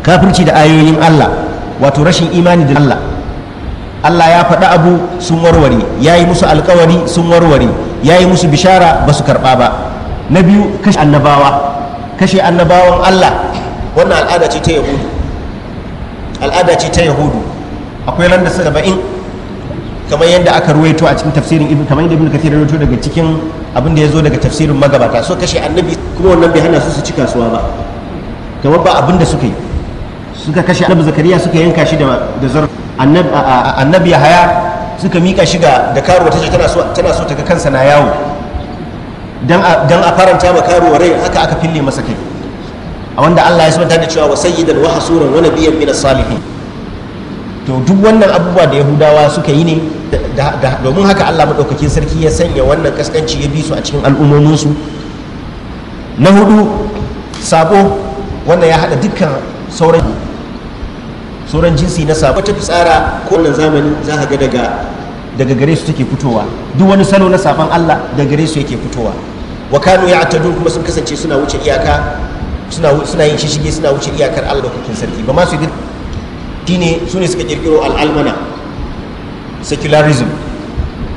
kafirci da ayoyin Allah wato rashin imani da Allah Allah ya faɗi abu sun warware ya yi musu alkawari sun warware ya yi musu bishara ba su karɓa ba na biyu kashe annabawa kashe annabawan Allah wannan al'ada ce ta yahudu al'ada ce ta yahudu akwai ran da saba'in kamar yadda aka ruwaito a cikin tafsirin ibn kamar yadda ibn kathir ya ruwaito daga cikin abin da ya zo daga tafsirin magabata so kashe annabi kuma wannan bai hana su su ci kasuwa ba kamar ba abin da suka yi suka kashe annabi zakariya suka yanka shi da da zar annabi haya suka mika shi ga da karuwa tace tana so tana so ta ga kansa na yawo dan dan a faranta ma karuwa rai haka aka fille masa kai a wanda Allah ya sabanta da cewa wa sayyidan wa hasuran wa nabiyyan min as-salihin to duk wannan abubuwa da yahudawa suka yi ne domin haka Allah maɗaukakin sarki ya sanya wannan kaskanci ya bi su a cikin al'ummominsu na hudu sabo wannan ya haɗa dukkan sauran sauran jinsi na sabo ta fitsara ko wannan zamani za ka ga daga daga gare su take fitowa duk wani salo na saban Allah daga gare su yake fitowa wa kanu tadu kuma sun kasance suna wuce iyaka suna suna yin shishige suna wuce iyakar Allah da sarki ba ma su shine su ne suka kirkiro al'almana secularism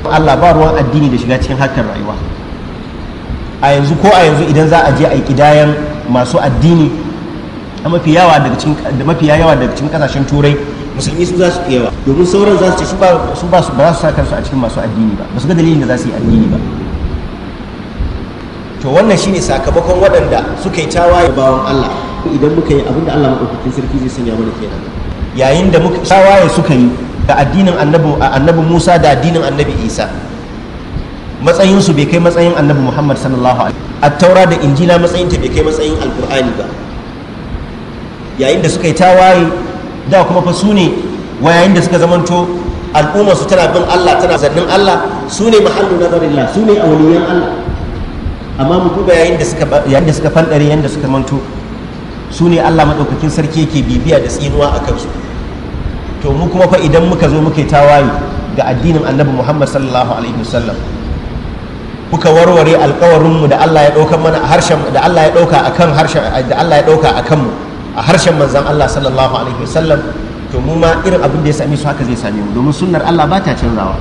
Allah ba ruwan addini da shiga cikin harkar rayuwa a yanzu ko a yanzu idan za a je a yi kidayan masu addini a mafi yawa daga cikin mafi yawa daga cikin kasashen turai musulmi su za su fi yawa domin sauran za su ce su ba su ba su sa kansu a cikin masu addini ba ba su ga dalilin da za su yi addini ba to wannan shine sakamakon waɗanda suka yi tawaye bawan Allah idan muka yi abinda Allah madaukakin sarki zai sanya mana kenan yayin da muka tawaye suka yi da addinin annabi musa da addinin annabi isa matsayinsu bai kai matsayin annabi muhammad sallallahu alaihi taura da injila matsayinta bai kai matsayin alkur'ani ba yayin da suka yi tawaye da kuma fa su ne wa yayin da suka zamanto al'umma su tana bin allah tana zannin allah su ne mahallu nazarillah su ne auliyan allah amma mu duba yayin da suka yayin da suka fandare yayin da suka manto su ne allah madaukakin sarki yake bibiya da tsinuwa akan su to mu kuma fa idan muka zo muke yi tawaye ga addinin annabi muhammad sallallahu alaihi wasallam kuka warware alkawarinmu da Allah ya ɗauka mana harshen da Allah ya ɗauka akan harshen da Allah ya ɗauka a kanmu a harshen manzon Allah sallallahu alaihi wasallam to mu ma irin abin da ya same su haka zai same mu domin sunnar Allah ba ta canzawa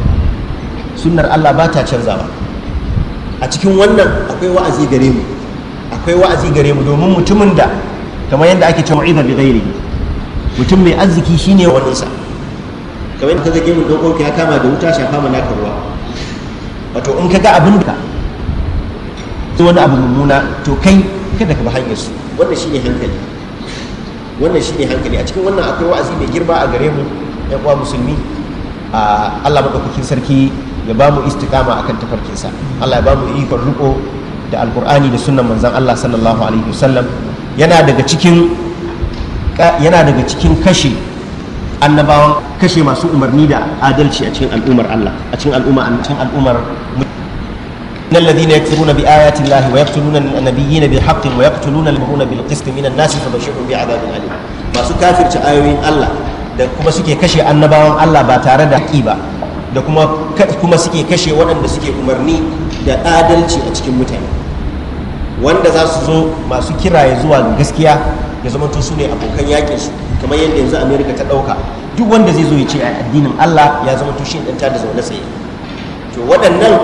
sunnar Allah ba ta canzawa a cikin wannan akwai wa'azi gare mu akwai wa'azi gare mu domin mutumin da kamar yadda ake cewa idan bi ghairihi mutum mai arziki shine waninsa kamar yadda kaga gemun dokoki ya kama da wuta shafa mu naka ruwa wato in kaga abin da to wani abu mummuna to kai kada ka bi hanyar su wannan shine hankali wannan shine hankali a cikin wannan akwai wa'azi mai girma a gare mu yan uwa musulmi a Allah madaukakin sarki ya ba mu istiqama akan sa Allah ya ba mu ikon riko da alkur'ani da sunnan manzon Allah sallallahu alaihi wasallam yana daga cikin yana daga cikin kashe annabawan kashe masu umarni da adalci a cikin al'ummar Allah a cikin al'umma a cikin al'ummar إن الذين يكفرون بآيات الله ويقتلون النبيين بالحق ويقتلون المؤمنون بالقسط من الناس a بعذاب alim Masu kafirci ayoyin Allah da kuma suke kashe annabawan Allah ba tare da haƙi ba da kuma kuma suke kashe waɗanda suke umarni da adalci a cikin mutane wanda za su zo masu kiraye zuwa gaskiya ya zama to su ne abokan yakin su kamar yadda yanzu america ta dauka duk wanda zai zo ya ce a addinin allah ya zama tushen dan ta da zaune tsaye to waɗannan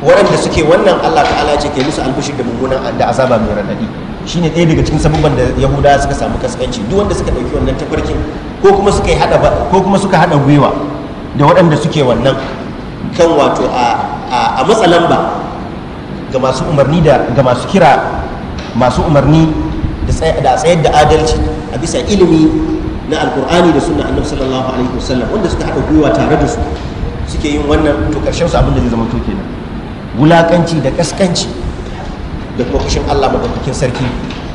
waɗanda suke wannan allah ta'ala ce ke musu albishir da mummunan da azaba mai radadi shine ɗaya daga cikin sabubban da yahuda suka samu kaskanci duk wanda suka ɗauki wannan tafarkin ko kuma suka hada ko kuma suka hada gwiwa da waɗanda suke wannan kan wato a matsalan ba ga masu umarni da ga masu kira masu umarni da tsayar da adalci a bisa ilimi na alkur'ani da sunna annabi sallallahu alaihi wasallam wanda suka haɗa gwiwa tare da su suke yin wannan to karshen su abin da zai zama to kenan wulakanci da kaskanci da kuma kushin Allah madaukakin sarki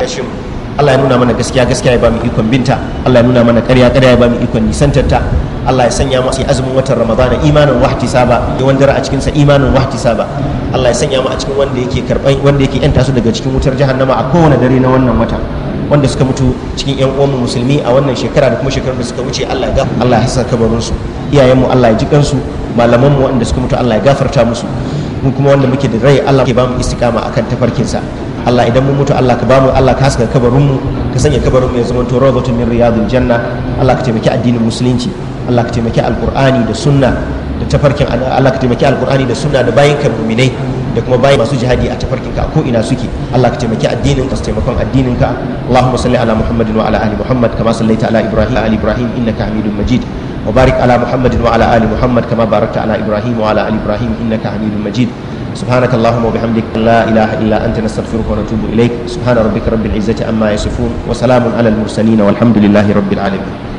kashin Allah ya nuna mana gaskiya gaskiya ya ba mu ikon binta Allah ya nuna mana ƙarya ƙarya ya ba mu ikon nisantarta Allah ya sanya masu azumin watan Ramadana imanin saba da dara a cikin sa imanin saba. Allah ya sanya mu a cikin wanda yake karban wanda yake yanta su daga cikin wutar jahannama a kowane dare na wannan wata wanda suka mutu cikin yan uwan musulmi a wannan shekara da kuma shekarar da suka wuce Allah ya gafarta Allah ya hasa kabarin su iyayen mu Allah ya ji kansu malaman mu wanda suka mutu Allah ya gafarta musu mu kuma wanda muke da rai Allah ke bamu istiqama akan tafarkin sa Allah idan mun mutu Allah ka mu Allah ka haska kabarin mu ka sanya kabarin mu ya zama to rawdatun min riyadil janna Allah ka taimaki addinin musulunci Allah ka taimaki alqur'ani da sunna da tafarkin Allah ka taimaki alqur'ani da sunna da bayin ka mu'minai da kuma bayan masu jihadi a tafarkinka a ko'ina suke Allah ka taimaki addinin ka su taimakon addinin ka Allahumma salli ala Muhammadin wa ala ali Muhammad kama sallaita ala Ibrahim ala Ibrahim innaka Hamidum Majid wa barik ala Muhammadin wa ala ali Muhammad kama barakta ala Ibrahim wa ala ali Ibrahim innaka Hamidum Majid سبحانك اللهم وبحمدك لا إله إلا أنت نستغفرك ونتوب إليك سبحان ربك رب العزة عما يصفون وسلام على المرسلين والحمد لله رب العالمين